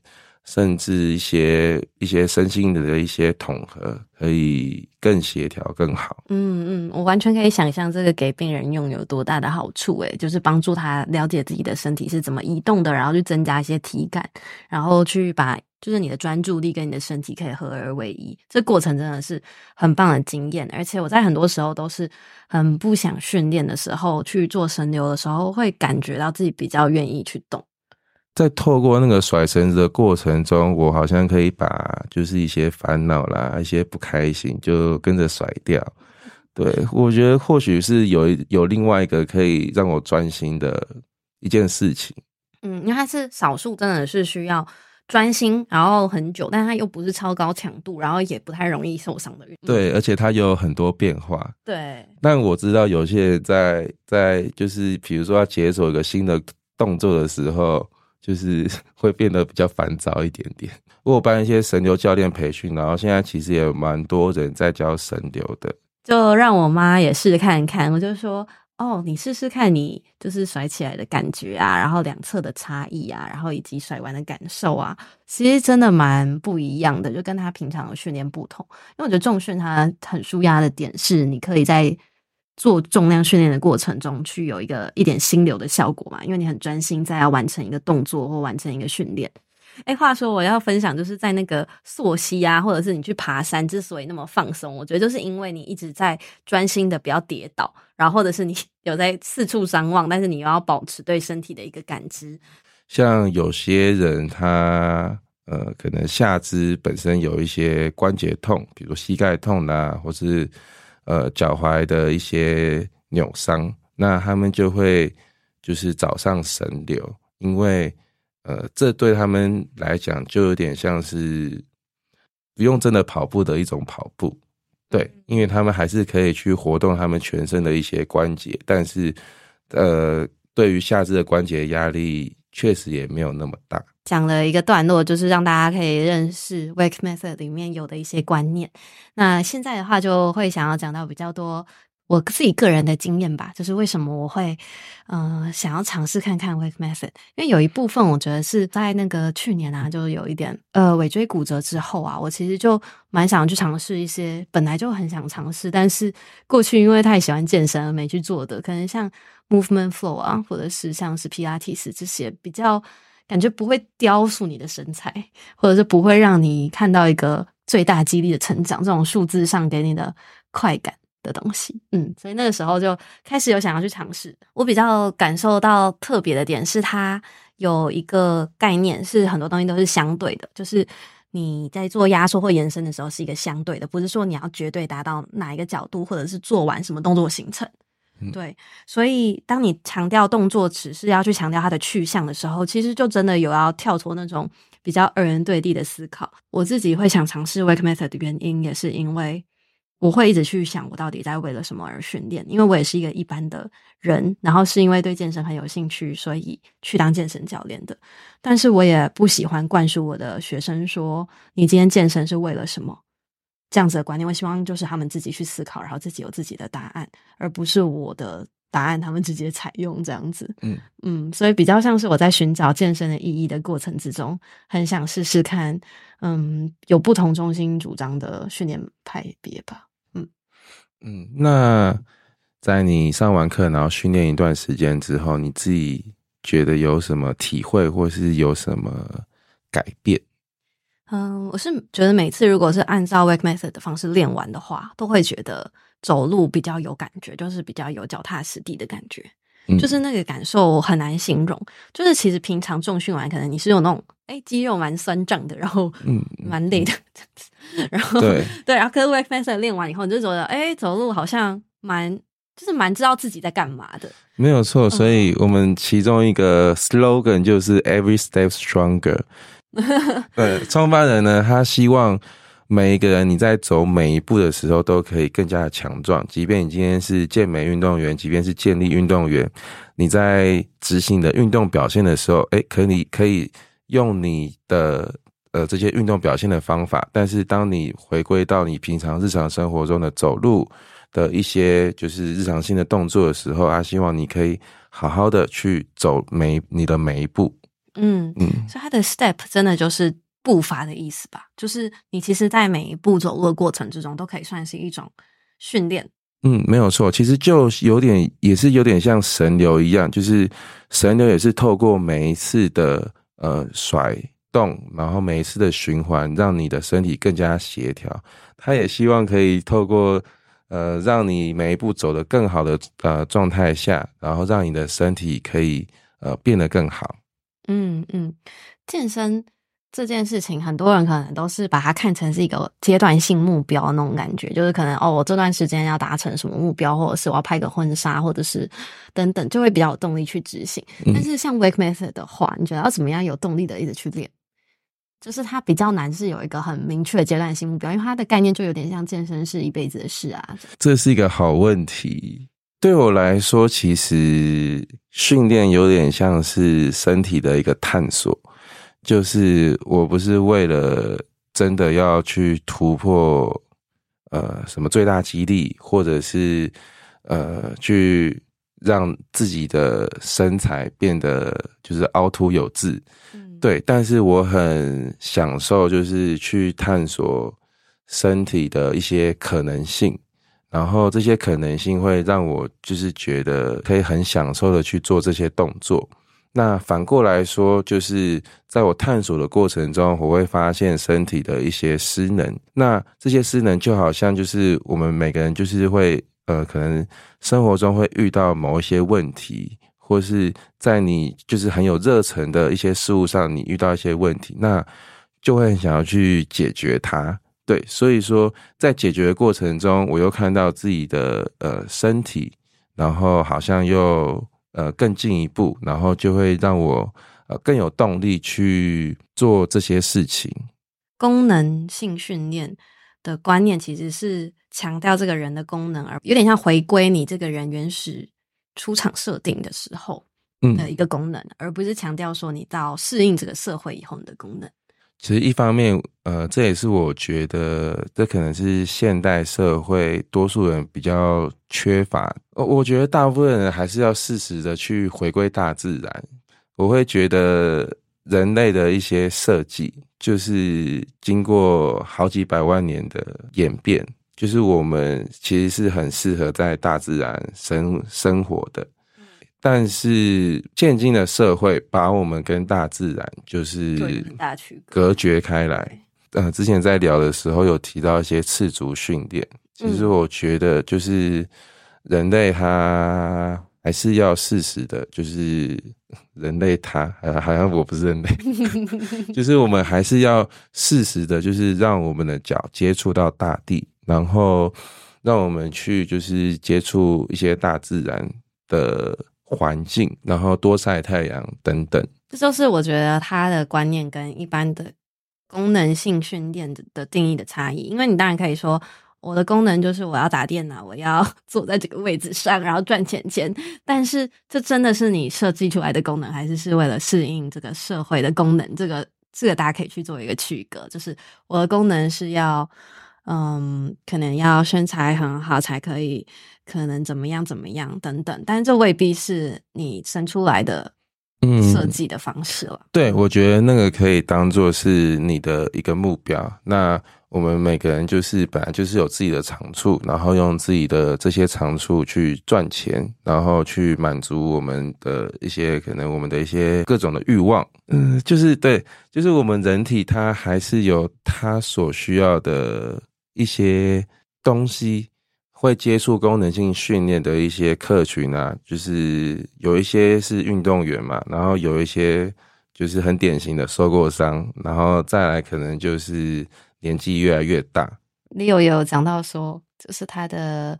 甚至一些一些身心的的一些統合，可以更協調更好。嗯嗯，我完全可以想象這個給病人用有多大的好處誒、欸，就是幫助他了解自己的身體是怎麼移動的，然後去增加一些體感，然後去把就是你的專注力跟你的身體可以合而為一。這個、過程真的是很棒的經驗，而且我在很多時候都是很不想訓練的時候去做繩流的時候，會感覺到自己比較願意去動。在透過那個甩繩子的過程中，我好像可以把就是一些煩惱啦、一些不開心就跟着甩掉。對，我覺得或許是有一有另外一個可以讓我專心的一件事情。嗯，因為它是少數真的是需要專心然後很久，但它又不是超高強度，然後也不太容易受傷的運動。對，而且它有很多變化。對，但我知道有些人在在就是比如說要解鎖一個新的動作的時候。就是會變得比較煩躁一點點。我辦一些繩流教練培訓，然後現在其實也蠻多人在教繩流的。就讓我媽也試看看，我就說，哦，你試試看，你就是甩起來的感覺啊，然後兩側的差異啊，然後以及甩完的感受啊，其實真的蠻不一樣的，就跟他平常的訓練不同。因為我覺得重訓它很紓壓的點是，你可以在。做重量訓練的過程中，去有一個一點心流的效果嘛。因為你很專心在要完成一個動作或完成一個訓練。哎、欸，話說我要分享，就是在那個溯溪啊，或者是你去爬山，之所以那麼放鬆，我覺得就是因為你一直在專心的不要跌倒，然後或者是你有在四處張望，但是你又要保持對身體的一個感知。像有些人他呃，可能下肢本身有一些關節痛，比如膝蓋痛啊，或是。呃，腳踝的一些扭傷，那他們就會就是早上繩流，因為呃，這對他們來講就有點像是不用真的跑步的一種跑步，對，因為他們還是可以去活動他們全身的一些關節，但是呃，對於下肢的關節壓力。確實也沒有那麼大，講了一個段落，就是讓大家可以認識 WeckMethod 裡面有的一些觀念。那現在的話，就會想要講到比較多。我自己個人的經驗吧，就是為什麼我會呃想要嘗試看看 Weckmethod，因為有一部分我覺得是在那個去年啊，就有一點呃尾椎骨折之後啊，我其實就蠻想去嘗試一些本來就很想嘗試，但是過去因為太喜歡健身而沒去做的，可能像 movement flow 啊，或者是像是 PRTS 這些比較感覺不會雕塑你的身材，或者是不會讓你看到一個最大肌力的成長，這種數字上給你的快感。的東西，嗯，所以那個時候就開始有想要去嘗試。我比較感受到特別的點是，它有一個概念是很多東西都是相對的，就是你在做壓縮或延伸的時候是一個相對的，不是說你要絕對達到哪一個角度，或者是做完什麼動作形成、嗯。對，所以當你強調動作只是要去強調它的去向的時候，其實就真的有要跳脫那種比較二元對立的思考。我自己會想嘗試 Weckmethod 的原因，也是因為。我會一直去想，我到底在為了什麼而訓練？因為我也是一個一般的人，然後是因為對健身很有興趣，所以去當健身教練的。但是我也不喜歡灌輸我的學生說：“你今天健身是為了什麼？”這樣子的觀念。我希望就是他們自己去思考，然後自己有自己的答案，而不是我的答案他們直接採用這樣子。嗯嗯，所以比較像是我在尋找健身的意義的過程之中，很想試試看，嗯，有不同中心主張的訓練派別吧。嗯，那在你上完課，然後訓練一段時間之後，你自己覺得有什麼體會，或是有什麼改變？嗯、呃，我是覺得每次如果是按照 Weckmethod 的方式練完的話，都會覺得走路比較有感覺，就是比較有腳踏實地的感覺。就是那個感受很難形容，嗯、就是其實平常重訓完，可能你是有那種，欸、肌肉蠻酸脹的，然蠻的、嗯，然後，嗯，蠻累的，然後對對，然後跟 Weckmethod 練完以後，你就覺得，誒、欸、走路好像蠻，就是蠻知道自己在幹嘛的。沒有錯，嗯、所以我們其中一個 slogan 就是 Every Step Stronger。對、 呃，創辦人呢，他希望。每一個人，你在走每一步的時候，都可以更加的強壯。即便你今天是健美運動員，即便是健力運動員，你在執行的運動表現的時候，哎、欸，可你可以用你的呃這些運動表現的方法。但是，當你回歸到你平常日常生活中的走路的一些就是日常性的動作的時候啊，希望你可以好好的去走每你的每一步。嗯嗯，所以他的 step 真的就是。步伐的意思吧，就是你其實，在每一步走的過程之中，都可以算是一種訓練。嗯，沒有錯，其實就有點，也是有點像繩流一樣，就是繩流也是透過每一次的呃甩動，然後每一次的循環，讓你的身體更加協調。他也希望可以透過呃，讓你每一步走得更好的呃狀態下，然後讓你的身體可以呃變得更好。嗯嗯，健身這件事情，很多人可能都是把它看成是一個階段性目標那種感覺，就是可能哦，我這段時間要達成什麼目標，或者是我要拍個婚紗，或者是等等，就會比較有動力去執行。但是像 Weckmethod 的話，你覺得要怎麼樣有動力的一直去練？就是它比較難，是有一個很明確的階段性目標，因為它的概念就有點像健身是一輩子的事啊。這是一個好問題。對我來說，其實訓練有點像是身體的一個探索。就是我不是為了真的要去突破，呃，什麼最大肌力，或者是，呃，去讓自己的身材變得就是凹凸有致，嗯，對。但是我很享受，就是去探索身體的一些可能性，然後這些可能性會讓我就是覺得可以很享受的去做這些動作。那反過來說，就是在我探索的過程中，我會發現身體的一些失能。那這些失能就好像就是我們每個人就是會呃，可能生活中會遇到某一些問題，或是在你就是很有熱忱的一些事物上，你遇到一些問題，那就會很想要去解決它。對，所以說在解決的過程中，我又看到自己的呃身體，然後好像又。呃，更進一步，然後就會讓我呃更有動力去做這些事情。功能性訓練的觀念其實是強調這個人的功能，而有點像回歸你這個人原始出廠設定的時候，嗯的一個功能，嗯，而不是強調說你到適應這個社會以後你的功能。其實，一方面，呃，這也是我覺得，這可能是現代社會多數人比較缺乏。呃，我覺得大部分人還是要適時的去回歸大自然。我會覺得，人類的一些設計，就是經過好幾百萬年的演變，就是我們其實是很適合在大自然生生活的。但是現今的社會把我們跟大自然就是對隔絕開來。呃，之前在聊的時候有提到一些赤足訓練、嗯，其實我覺得就是人類他還是要適時的，就是人類他、呃、好像我不是人類， 就是我們還是要適時的，就是讓我們的腳接觸到大地，然後讓我們去就是接觸一些大自然的環境，然後多曬太陽等等，這就是我覺得他的觀念跟一般的功能性訓練的定義的差異。因為你當然可以說，我的功能就是我要打電腦，我要坐在這個位置上，然後賺錢錢。但是，這真的是你設計出來的功能，還是是為了適應這個社會的功能？這個這個大家可以去做一個區隔，就是我的功能是要。嗯，可能要身材很好才可以，可能怎麼樣怎麼樣等等，但是這未必是你生出來的，嗯，設計的方式了。嗯，對，我覺得那個可以當做是你的一個目標。那我們每個人就是本來就是有自己的長處，然後用自己的這些長處去賺錢，然後去滿足我們的一些可能我們的一些各種的慾望。嗯，就是對，就是我們人體它還是有它所需要的。一些東西。會接觸功能性訓練的一些客群啊，就是有一些是運動員嘛，然後有一些就是很典型的受過傷，然後再來可能就是年紀越來越大。你有有講到說，就是他的。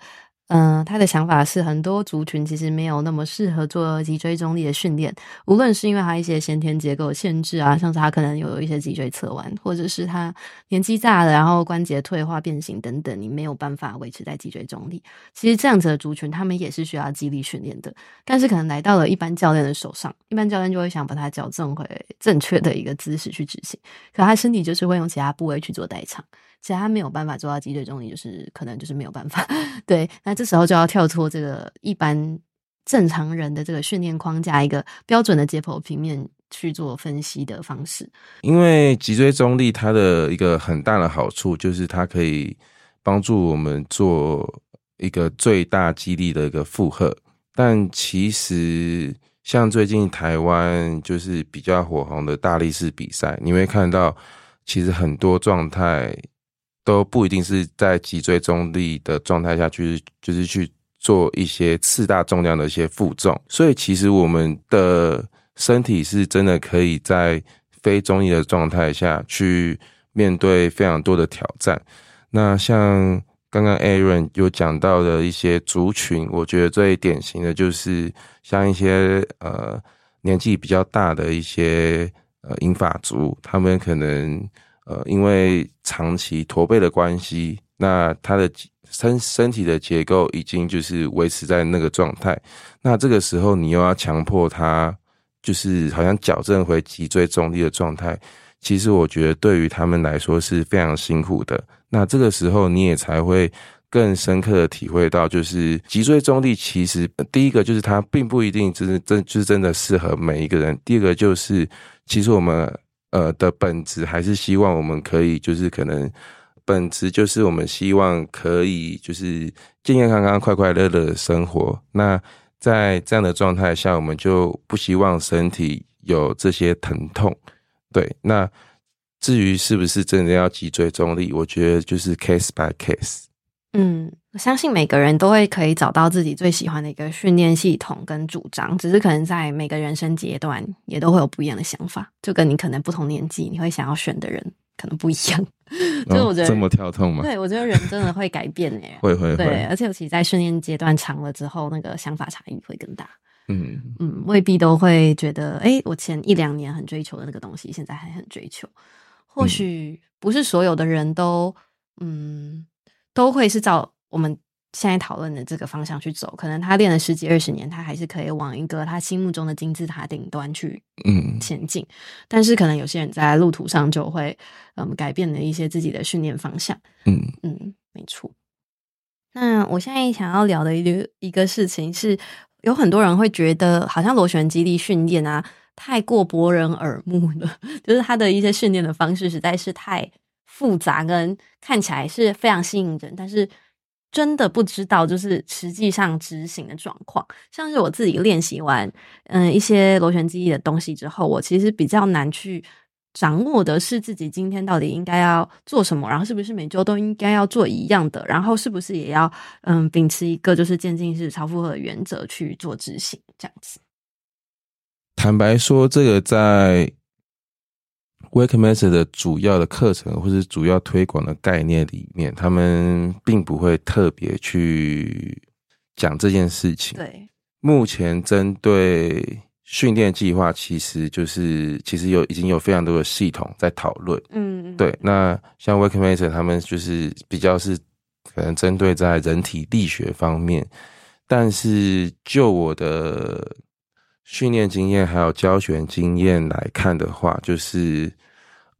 嗯、呃，他的想法是很多族群其實沒有那麼適合做脊椎中立的訓練，無論是因為他一些先天結構限制啊，像是他可能有一些脊椎側彎，或者是他年紀大了，然後關節退化變形等等，你沒有辦法維持在脊椎中立。其實這樣子的族群，他們也是需要肌力訓練的，但是可能來到了一般教練的手上，一般教練就會想把他矯正回正確的一個姿勢去執行，可他身體就是會用其他部位去做代償。其實他沒有辦法做到脊椎中立，就是可能就是沒有辦法。對，那這時候就要跳出這個一般正常人的這個訓練框架，一個標準的解剖平面去做分析的方式。因為脊椎中立，它的一個很大的好處就是它可以幫助我們做一個最大肌力的一個負荷。但其實像最近台灣就是比較火紅的大力士比賽，你會看到其實很多狀態。都不一定是在脊椎中立的狀態下去，就是，就是去做一些次大重量的一些負重，所以其實我們的身體是真的可以在非中立的狀態下去面對非常多的挑戰。那像剛剛 Erin 有講到的一些族群，我覺得最典型的就是像一些呃年紀比較大的一些呃銀髮族，他們可能。呃，因為長期駝背的關係，那他的身身體的結構已經就是維持在那個狀態。那這個時候你又要強迫他，就是好像矯正回脊椎中立的狀態，其實我覺得對於他們來說是非常辛苦的。那這個時候你也才會更深刻的體會到，就是脊椎中立其實、呃、第一個就是它並不一定就是真的就是真的適合每一個人。第二個就是其實我們。呃的本質還是希望我們可以，就是可能本質就是我們希望可以就是健健康康、快快樂樂的生活。那在這樣的狀態下，我們就不希望身體有這些疼痛。對，那至於是不是真的要脊椎中立，我覺得就是 case by case。嗯，我相信每個人都會可以找到自己最喜歡的一個訓練系統跟主張，只是可能在每個人生階段也都會有不一樣的想法，就跟你可能不同年紀，你會想要選的人可能不一樣。所、哦、以 我覺得這麼跳痛嗎？對，我覺得人真的會改變誒， 會會會對，而且尤其實在訓練階段長了之後，那個想法差異會更大。嗯嗯，未必都會覺得，誒、欸，我前一兩年很追求的那個東西，現在還很追求。或許不是所有的人都嗯。都會是照我們現在討論的這個方向去走，可能他練了十幾二十年，他還是可以往一個他心目中的金字塔頂端去前進。嗯、但是可能有些人在路途上就會，嗯，改變了一些自己的訓練方向。嗯嗯，沒錯。那我現在想要聊的一個一個事情是，有很多人會覺得，好像螺旋肌力訓練啊，太過博人耳目了，就是他的一些訓練的方式實在是太。複雜跟看起來是非常吸引人，但是真的不知道就是實際上執行的狀況。像是我自己練習完，嗯，一些螺旋肌力的東西之後，我其實比較難去掌握的是自己今天到底應該要做什麼，然後是不是每週都應該要做一樣的，然後是不是也要嗯秉持一個就是漸進式超負荷的原則去做執行這樣子。坦白說，這個在。Weckmethod 的主要的課程或是主要推廣的概念裡面，他們並不會特別去講這件事情。對，目前針對訓練計劃，其實就是其實有已經有非常多的系統在討論。嗯，對。那像 Weckmethod 他們就是比較是可能針對在人體力學方面，但是就我的訓練經驗還有教學經驗來看的話，就是。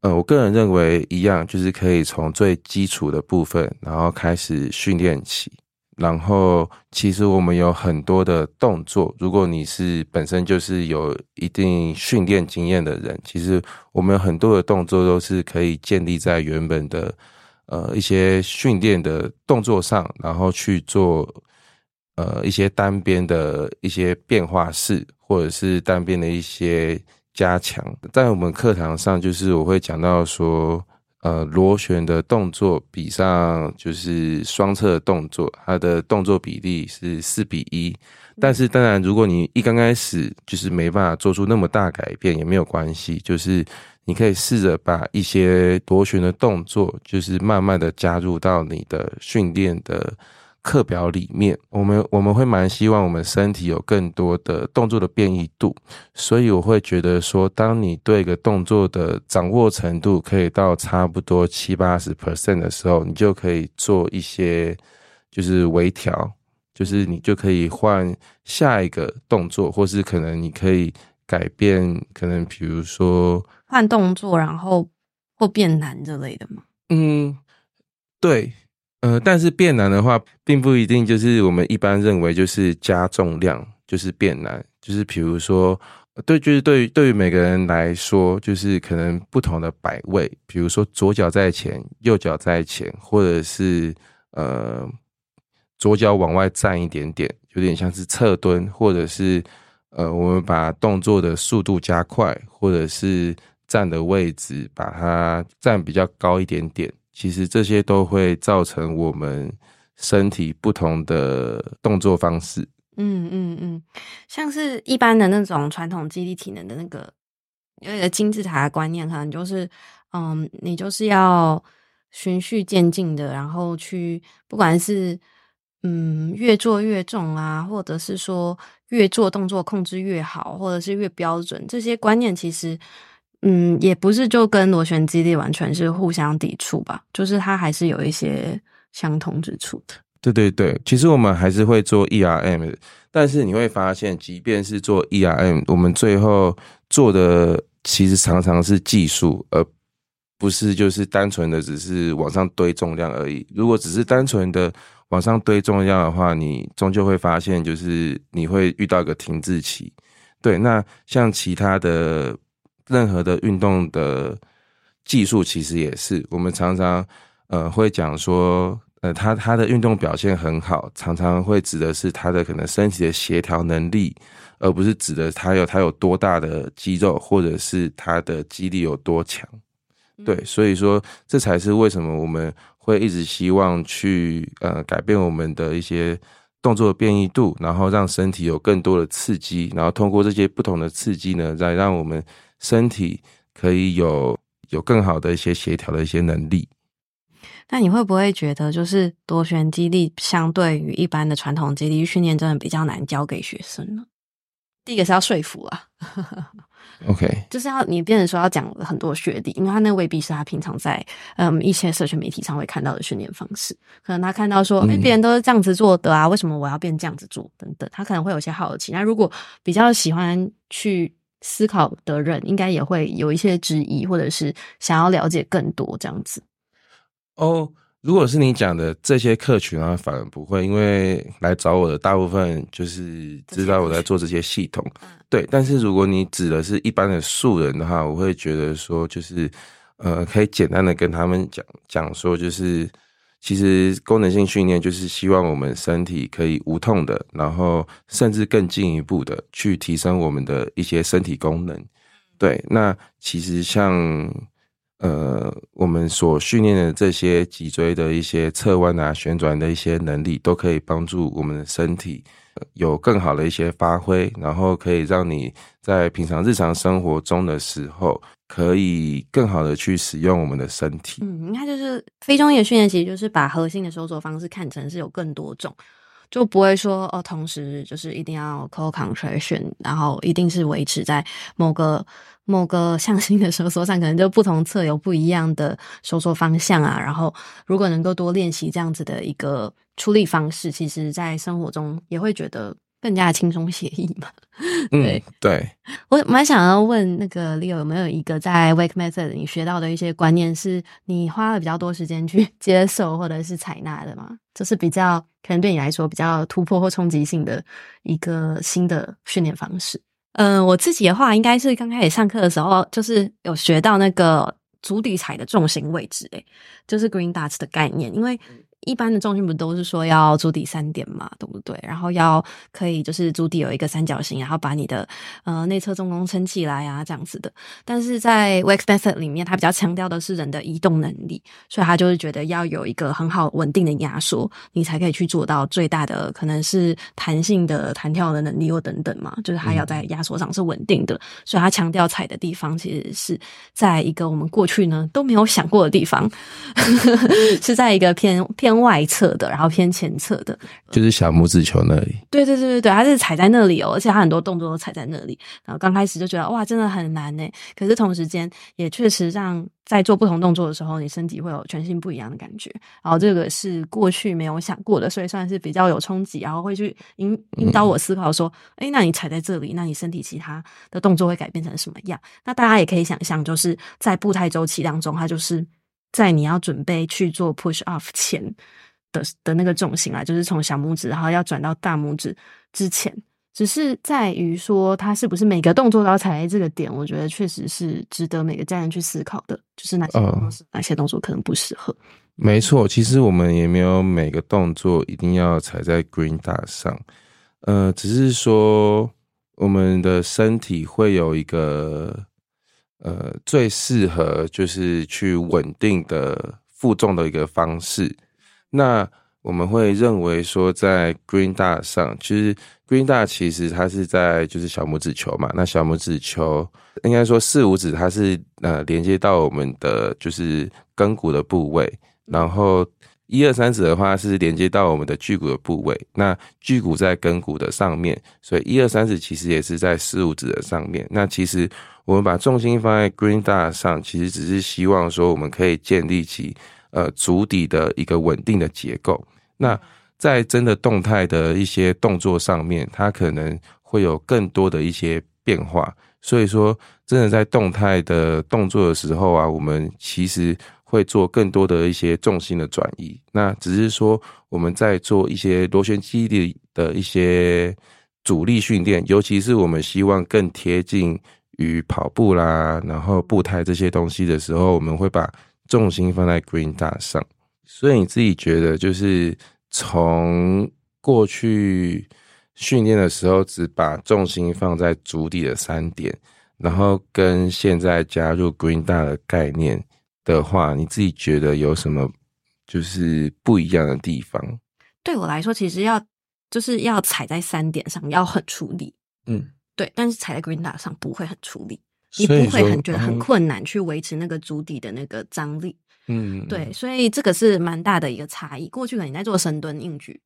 呃，我個人認為一樣，就是可以從最基礎的部分，然後開始訓練起。然後，其實我們有很多的動作，如果你是本身就是有一定訓練經驗的人，其實我們有很多的動作都是可以建立在原本的，呃，一些訓練的動作上，然後去做，呃，一些單邊的一些變化式，或者是單邊的一些。加強在我們課堂上，就是我會講到說，呃，螺旋的動作比上就是雙側的動作，它的動作比例是四比一。但是，當然，如果你一剛開始就是沒辦法做出那麼大改變，也沒有關係，就是你可以試着把一些螺旋的動作，就是慢慢的加入到你的訓練的。課表裡面，我們我們會蠻希望我們身體有更多的動作的變異度，所以我會覺得說，當你對一個動作的掌握程度可以到差不多七八十 percent 的時候，你就可以做一些就是微調，就是你就可以換下一個動作，或是可能你可以改變，可能比如說換動作，然後或變難之類的嗎？嗯，對。呃，但是變難的話，並不一定就是我們一般認為就是加重量，就是變難，就是比如說，對，就是對於對於每個人來說，就是可能不同的擺位，比如說左腳在前，右腳在前，或者是呃，左腳往外站一點點，有點像是側蹲，或者是呃，我們把動作的速度加快，或者是站的位置把它站比較高一點點。其實這些都會造成我們身體不同的動作方式。嗯嗯嗯，像是一般的那種傳統肌力體能的那個有一個金字塔的觀念，可能就是嗯，你就是要循序漸進的，然後去不管是嗯越做越重啊，或者是說越做動作控制越好，或者是越標準，這些觀念其實。嗯，也不是就跟螺旋肌力完全是互相抵觸吧，就是它還是有一些相通之處的。對對對，其實我們還是會做 1RM，但是你會發現，即便是做 1RM，我們最後做的其實常常是技術，而不是就是單純的只是往上堆重量而已。如果只是單純的往上堆重量的話，你終究會發現，就是你會遇到一個停滯期。對，那像其他的。任何的運動的技術其實也是我們常常呃會講說，呃他他的運動表現很好，常常會指的是他的可能身體的協調能力，而不是指的他有他有多大的肌肉，或者是他的肌力有多強。嗯。對，所以說這才是為什麼我們會一直希望去呃改變我們的一些動作的變異度，然後讓身體有更多的刺激，然後通過這些不同的刺激呢，來讓我們。身體可以有有更好的一些協調的一些能力。那你會不會覺得，就是螺旋肌力相對於一般的傳統肌力訓練，真的比較難教給學生呢？第一個是要說服啊。 OK，就是要你變成說要講很多學理，因為他那未必是他平常在嗯一些社群媒體上會看到的訓練方式，可能他看到說，哎、欸，別人都是這樣子做的啊，嗯，為什麼我要變這樣子做？等等，他可能會有些好奇。那如果比較喜歡去。思考的人應該也會有一些質疑，或者是想要了解更多這樣子。哦，如果是你講的這些客群啊，反而不會，因為來找我的大部分就是知道我在做這些系統，對，嗯。但是如果你指的是一般的素人的話，我會覺得說，就是呃，可以簡單的跟他們講講說，就是。其實功能性訓練就是希望我們身體可以無痛的，然後甚至更進一步的去提升我們的一些身體功能。對，那其實像呃我們所訓練的這些脊椎的一些側彎啊、旋轉的一些能力，都可以幫助我們的身體有更好的一些發揮，然後可以讓你。在平常日常生活中的時候，可以更好的去使用我們的身體。嗯，應該就是非中立的訓練，其實就是把核心的收縮方式看成是有更多種，就不會說哦，同時就是一定要 co-contraction，然後一定是維持在某個某個向心的收縮上，可能就不同側有不一樣的收縮方向啊。然後如果能夠多練習這樣子的一個處理方式，其實在生活中也會覺得。更加輕鬆寫意嘛？嗯，對。我蠻想要問那個 Leo 有沒有一個在 Weckmethod 你學到的一些觀念是你花了比較多時間去接受或者是採納的嘛？就是比較可能對你來說比較突破或衝擊性的一個新的訓練方式。嗯，我自己的話應該是剛開始上課的時候就是有學到那個足底踩的重心位置、欸，哎，就是 Green Dots 的概念，因為。一般的重心不都是說要足底三點嘛，對不對？然後要可以就是足底有一個三角形，然後把你的呃內側重弓撐起來啊，這樣子的。但是在 Weckmethod 裡面，它比較強調的是人的移動能力，所以他就是覺得要有一個很好穩定的壓縮，你才可以去做到最大的可能是彈性的彈跳的能力又等等嘛。就是他要在壓縮上是穩定的，嗯、所以他強調踩的地方其實是在一個我們過去呢都沒有想過的地方， 是在一個偏偏。偏外側的，然後偏前側的，就是小拇指球那裡。對、呃、對對對對，它是踩在那裡哦，而且它很多動作都踩在那裡。然後剛開始就覺得哇，真的很難呢。可是同時間也確實讓在做不同動作的時候，你身體會有全新不一樣的感覺。然後這個是過去沒有想過的，所以算是比較有衝擊。然後會去引引導我思考說、嗯，誒，那你踩在這裡，那你身體其他的動作會改變成什麼樣？那大家也可以想象，就是在步態周期當中，它就是。在你要準備去做 push off 前的的那個重心啊，就是從小拇指，然後要轉到大拇指之前，只是在於說它是不是每個動作都要踩在這個點，我覺得確實是值得每個家人去思考的，就是哪些、oh, 哪些動作可能不適合。沒錯，其實我們也沒有每個動作一定要踩在 green dot 上，呃，只是說我們的身體會有一個。呃，最適合就是去穩定的負重的一個方式。那我們會認為說，在 Green Dot 上，就是 Green Dot，其實它是在就是小拇指球嘛。那小拇指球應該說四五指，它是呃連接到我們的就是跟骨的部位。然後一二三指的話是連接到我們的距骨的部位。那距骨在跟骨的上面，所以一二三指其實也是在四五指的上面。那其實。我們把重心放在 Green dot 上，其實只是希望說，我們可以建立起呃足底的一個穩定的結構。那在真的動態的一些動作上面，它可能會有更多的一些變化。所以說，真的在動態的動作的時候啊，我們其實會做更多的一些重心的轉移。那只是說，我們在做一些螺旋肌力的一些阻力訓練，尤其是我們希望更貼近。與跑步啦，然後步態這些東西的時候，我們會把重心放在 Green Dot 上。所以你自己覺得，就是從過去訓練的時候，只把重心放在足底的三點，然後跟現在加入 Green Dot 的概念的話，你自己覺得有什麼就是不一樣的地方？對我來說，其實要就是要踩在三點上，要很出力。嗯。對，但是踩在 green 大上不會很出力，你不會很覺得很困難去維持那個足底的那個張力。嗯，對，所以這個是蠻大的一個差異。過去可能你在做深蹲、硬舉，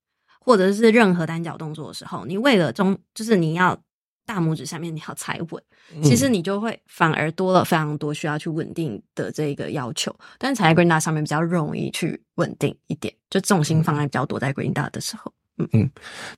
或者是任何單腳動作的時候，你為了中，就是你要大拇指下面你要踩穩、嗯，其實你就會反而多了非常多需要去穩定的這個要求。但踩在 green 大上面比較容易去穩定一點，就重心方案比較多在 green 大的時候。嗯嗯，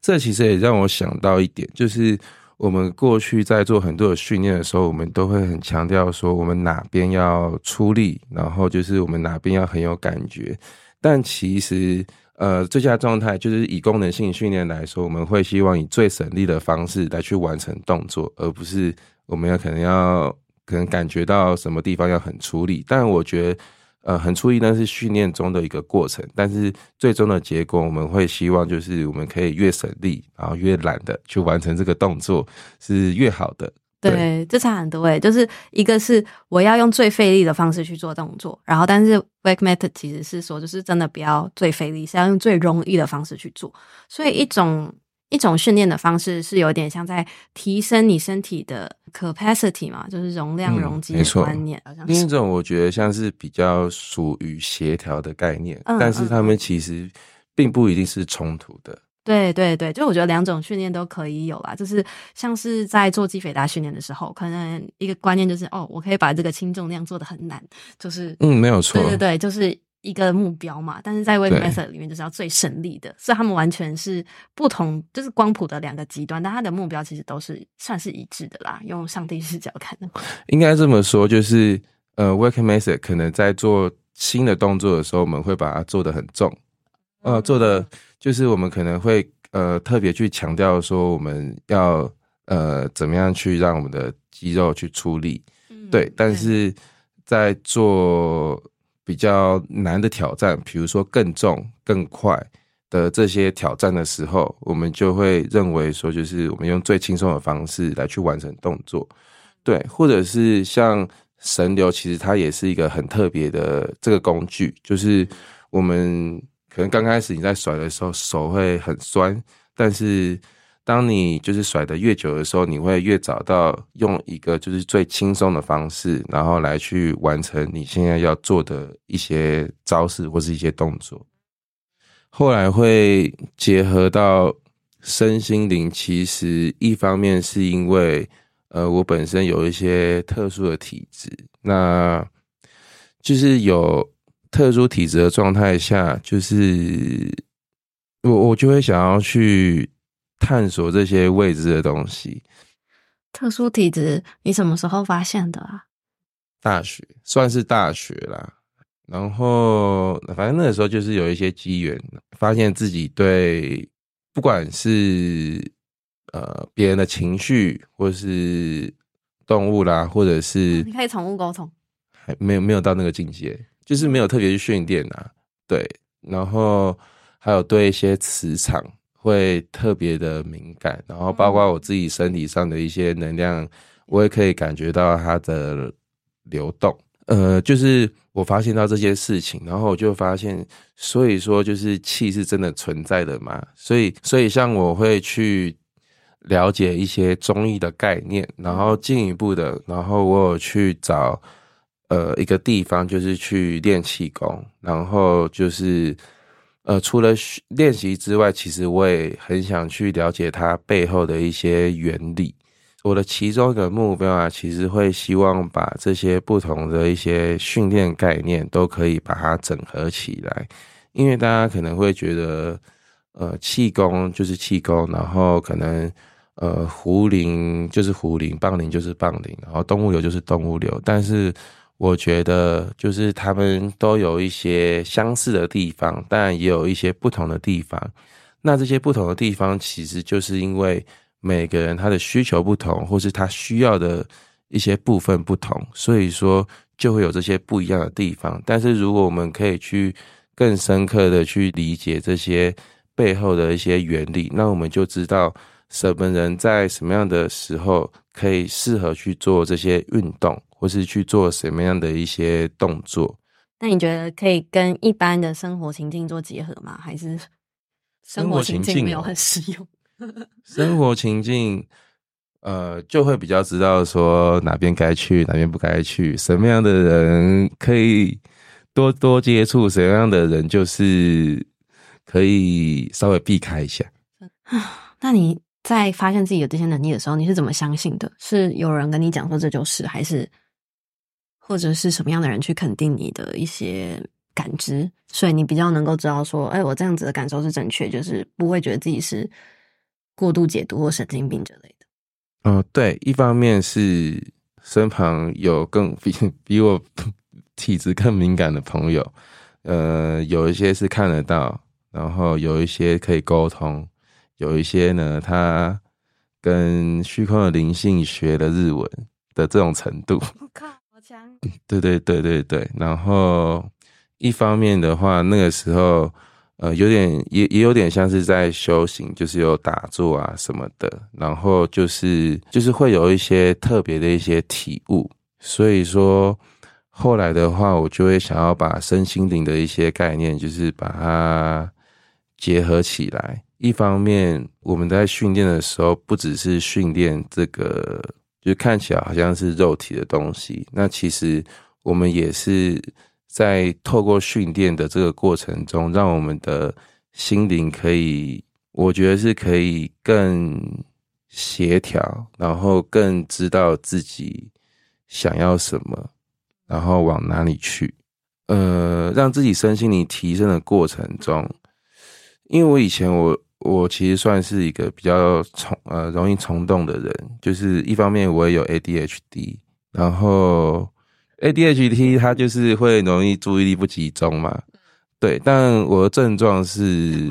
這其實也讓我想到一點，就是。我們過去在做很多的訓練的時候，我們都會很強調說，我們哪邊要出力，然後就是我們哪邊要很有感覺。但其實，呃，最佳狀態就是以功能性訓練來說，我們會希望以最省力的方式來去完成動作，而不是我們要可能要可能感覺到什麼地方要很出力。但我覺得。呃，很初一呢，是訓練中的一個過程，但是最終的結果，我們會希望就是我們可以越省力，然後越懶得，去完成這個動作是越好的。對，對這差很多誒、欸，就是一個是我要用最費力的方式去做動作，然後但是 Weckmethod 其實是說就是真的不要最費力，是要用最容易的方式去做，所以一種。一種訓練的方式是有點像在提升你身體的 capacity 嘛，就是容量、容積的觀念。另、嗯、一種我覺得像是比較屬於協調的概念、嗯，但是他們其實並不一定是衝突的、嗯嗯。對對對，就我覺得兩種訓練都可以有啦，就是像是在做肌肥大訓練的時候，可能一個觀念就是哦，我可以把這個輕重量做的很難，就是嗯，沒有錯，對對對，就是。一個目標嘛，但是在 Weckmethod 裡面就是要最省力的，所以他們完全是不同，就是光譜的兩個極端，但它的目標其實都是算是一致的啦。用上帝視角看呢，應該這麼說，就是呃 Weckmethod 可能在做新的動作的時候，我們會把它做得很重，嗯、呃，做的就是我們可能會呃特別去強調說我們要呃怎麼樣去讓我們的肌肉去出力，嗯、對，但是在做。比較難的挑戰，比如說更重、更快的這些挑戰的時候，我們就會認為說，就是我們用最輕鬆的方式來去完成動作，對，或者是像繩流，其實它也是一個很特別的這個工具，就是我們可能剛開始你在甩的時候手會很酸，但是。當你就是甩得越久的時候，你會越找到用一個就是最輕鬆的方式，然後來去完成你現在要做的一些招式或是一些動作。後來會結合到身心靈，其實一方面是因為，呃，我本身有一些特殊的體質，那就是有特殊體質的狀態下，就是我我就會想要去。探索這些未知的東西。特殊體質，你什麼時候發現的啊？大學算是大學啦。然後，反正那個時候就是有一些機緣，發現自己對不管是呃別人的情緒，或是動物啦，或者是、嗯、你可以寵物溝通，還沒有沒有到那個境界，就是沒有特別去訓練啊。對，然後還有對一些磁場。會特別的敏感，然後包括我自己身體上的一些能量，嗯，我也可以感覺到它的流動。呃，就是我發現到這些事情，然後我就發現，所以說就是氣是真的存在的嘛。所以，所以像我會去了解一些中醫的概念，然後進一步的，然後我有去找呃一個地方，就是去練氣功，然後就是。呃，除了練習之外，其實我也很想去了解它背後的一些原理。我的其中一個目標啊，其實會希望把這些不同的一些訓練概念都可以把它整合起來，因為大家可能會覺得，呃，氣功就是氣功，然後可能，呃，壺鈴就是壺鈴，棒鈴就是棒鈴，然後動物流就是動物流，但是。我覺得就是他們都有一些相似的地方，但也有一些不同的地方。那這些不同的地方，其實就是因為每個人他的需求不同，或是他需要的一些部分不同，所以說就會有這些不一樣的地方。但是，如果我們可以去更深刻的去理解這些背後的一些原理，那我們就知道什麼人在什麼樣的時候可以適合去做這些運動。或是去做什麼樣的一些動作？那你覺得可以跟一般的生活情境做結合嗎？還是生活情境沒有很實用？生活情境， 生活情境呃，就會比較知道說哪邊該去，哪邊不該去。什麼樣的人可以多多接觸，什麼樣的人就是可以稍微避開一下。那你在發現自己有這些能力的時候，你是怎麼相信的？是有人跟你講說這就是，還是？或者是什麼樣的人去肯定你的一些感知，所以你比較能夠知道說，哎、欸，我這樣子的感受是正確，就是不會覺得自己是過度解讀或神經病之類的。嗯、呃，對，一方面是身旁有更比比我體質更敏感的朋友，呃，有一些是看得到，然後有一些可以溝通，有一些呢，他跟虛空的靈性學的日文的這種程度。 嗯，對對對對對，然後一方面的話，那個時候呃有點也也有點像是在修行，就是有打坐啊什麼的，然後就是就是會有一些特別的一些體悟，所以說後來的話，我就會想要把身心靈的一些概念，就是把它結合起來。一方面我們在訓練的時候，不只是訓練這個。就看起來好像是肉體的東西，那其實我們也是在透過訓練的這個過程中，讓我們的心靈可以，我覺得是可以更協調，然後更知道自己想要什麼，然後往哪裡去。呃，讓自己身心靈提升的過程中，因為我以前我。我其實算是一個比較衝，呃，容易衝動的人，就是一方面我也有 ADHD，然後 ADHD 它就是會容易注意力不集中嘛，對，但我的症狀是，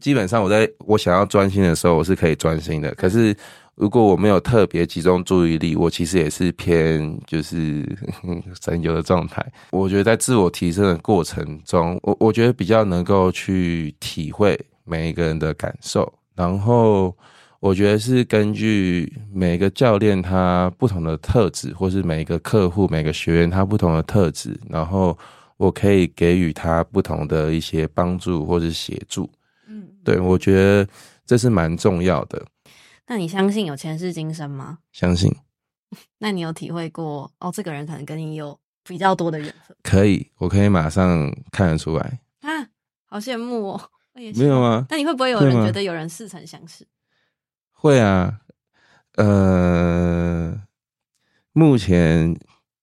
基本上我在我想要專心的時候我是可以專心的，可是。如果我沒有特別集中注意力，我其實也是偏就是呵呵神遊的狀態。我覺得在自我提升的過程中，我我覺得比較能夠去體會每一個人的感受。然後我覺得是根據每一個教練他不同的特質，或是每一個客戶、每個學員他不同的特質，然後我可以給予他不同的一些幫助或是協助。嗯，對，我覺得這是蠻重要的。那你相信有前世今生嗎？相信。 那你有體會過哦？這個人可能跟你有比較多的緣分。可以，我可以馬上看得出來。啊，好羨慕哦！沒有嗎、啊？那 你會不會有人覺得有人似曾相識？會啊，呃，目前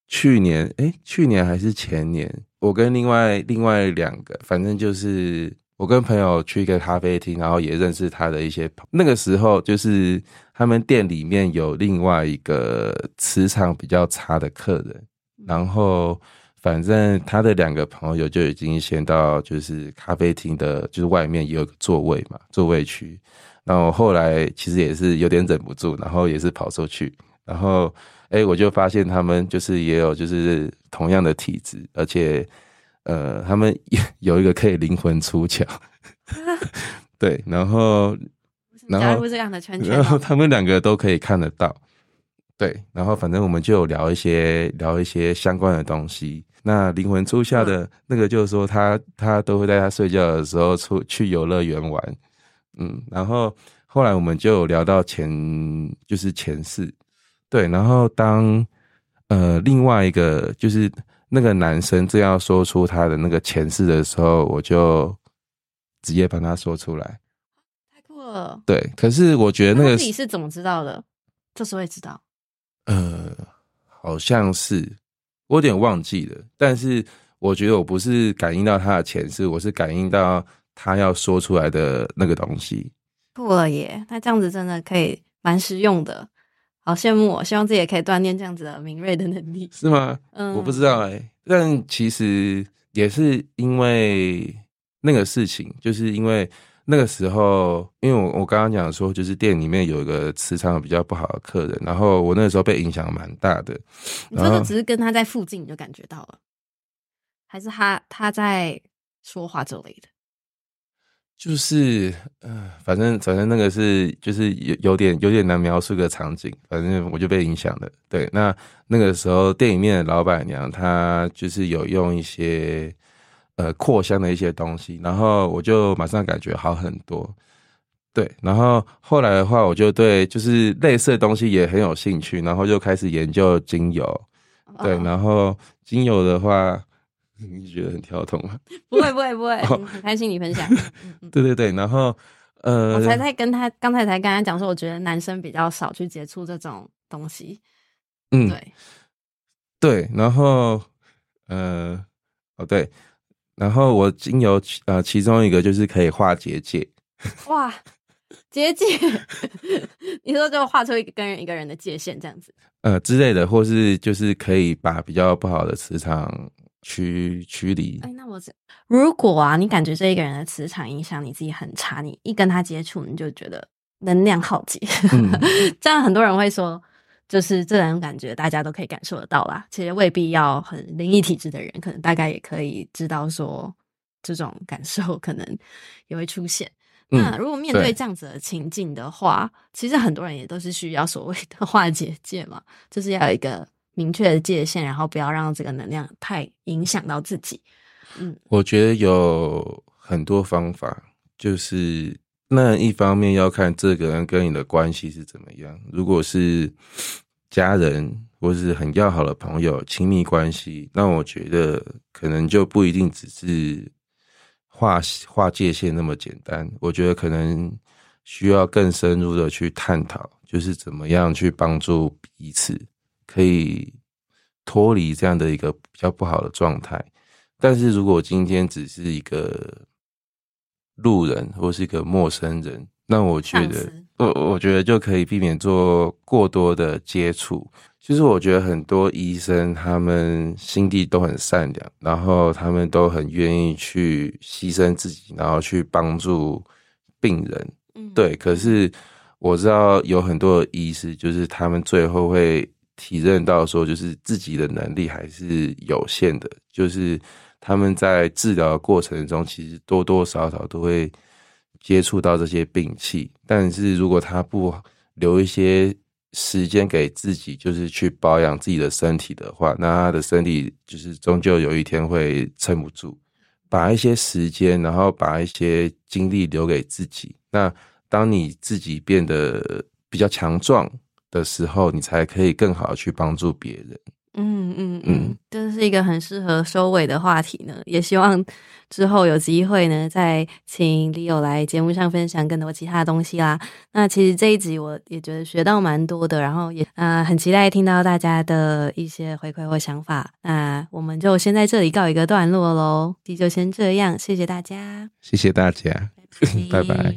去年誒、欸、去年還是前年，我跟另外另外兩個，反正就是。我跟朋友去一個咖啡廳，然後也認識他的一些朋友。那個時候就是他們店裡面有另外一個磁場比較差的客人，然後反正他的兩個朋友就已經先到，就是咖啡廳的，就是外面有個座位嘛，座位區。然後後來其實也是有點忍不住，然後也是跑出去，然後哎、欸，我就發現他們就是也有就是同樣的體質，而且。呃，他們有一個可以靈魂出竅， 對，然後然後這樣的圈子，然後他們兩個都可以看得到，對，然後反正我們就有聊一些聊一些相關的東西。那靈魂出竅的那個就是說他，他他都會在他睡覺的時候出去遊樂園玩，嗯，然後後來我們就有聊到前就是前世，對，然後當呃另外一個就是。那個男生正要說出他的那個前世的時候，我就直接幫他說出來，太酷了。對，可是我覺得那個你是怎麼知道的？就是會知道。呃，好像是，我有點忘記了。但是我覺得我不是感應到他的前世，我是感應到他要說出來的那個東西。酷了耶！那這樣子真的可以蠻實用的。好羨慕我，我希望自己也可以鍛鍊這樣子的敏銳的能力。是嗎？嗯，我不知道哎、欸，但其實也是因為那個事情，就是因為那個時候，因為我我剛剛講說，就是店裡面有一個磁場比較不好的客人，然後我那個時候被影響蠻大的。你說只是跟他在附近你就感覺到了，還是他他在說話之類的？就是，嗯、呃、反正反正那個是就是有有點有點難描述的場景，反正我就被影響了。對，那那個時候店裡面的老板娘她就是有用一些呃擴香的一些東西，然後我就馬上感覺好很多。對，然後後來的話，我就對就是類似的東西也很有興趣，然後就開始研究精油。對，然後精油的話。Oh. 你覺得很跳痛嗎？ 不會不會不會， 很開心你分享。 對對對，然後呃，我才在跟他剛才才跟他講說，我覺得男生比較少去接觸這種東西。嗯，對對，然後呃，哦對，然後我精油其呃其中一個就是可以畫結界。哇，結界， 你說就畫出一個跟人一個人的界限這樣子？呃之類的，或是就是可以把比較不好的磁場。取取離。哎，那我這如果啊，你感覺這一個人的磁場影響你自己很差，你一跟他接觸，你就覺得能量耗盡。 這樣很多人會說，就是這種感覺，大家都可以感受得到啦。其實未必要很靈異體質的人，可能大概也可以知道說這種感受可能也會出現。嗯、那如果面對這樣子的情境的話，其實很多人也都是需要所謂的化結界嘛，就是要一個。明確的界限，然後不要讓這個能量太影響到自己。嗯，我覺得有很多方法，就是那一方面要看這個人跟你的關係是怎麼樣。如果是家人或是很要好的朋友、親密關係，那我覺得可能就不一定只是劃劃界限那麼簡單。我覺得可能需要更深入的去探討，就是怎麼樣去幫助彼此。可以脫離這樣的一個比較不好的狀態，但是如果今天只是一個路人或是一個陌生人，那我覺得，我我覺得就可以避免做過多的接觸。其實我覺得很多醫生他們心地都很善良，然後他們都很願意去犧牲自己，然後去幫助病人。嗯，對。可是我知道有很多的醫師就是他們最後會。體認到說，就是自己的能力還是有限的。就是他們在治療的過程中，其實多多少少都會接觸到這些病氣，但是如果他不留一些時間給自己，就是去保養自己的身體的話，那他的身體就是終究有一天會撐不住。把一些時間，然後把一些精力留給自己。那當你自己變得比較強壯。的時候，你才可以更好的去幫助別人。嗯嗯嗯，這、嗯就是一個很適合收尾的話題呢。也希望之後有機會呢，再請 Leo 來節目上分享更多其他東西啦。那其實這一集我也覺得學到蠻多的，然後也、呃、很期待聽到大家的一些回饋或想法。那我們就先在這裡告一個段落嘍，就先這樣，謝謝大家，謝謝大家， 拜拜。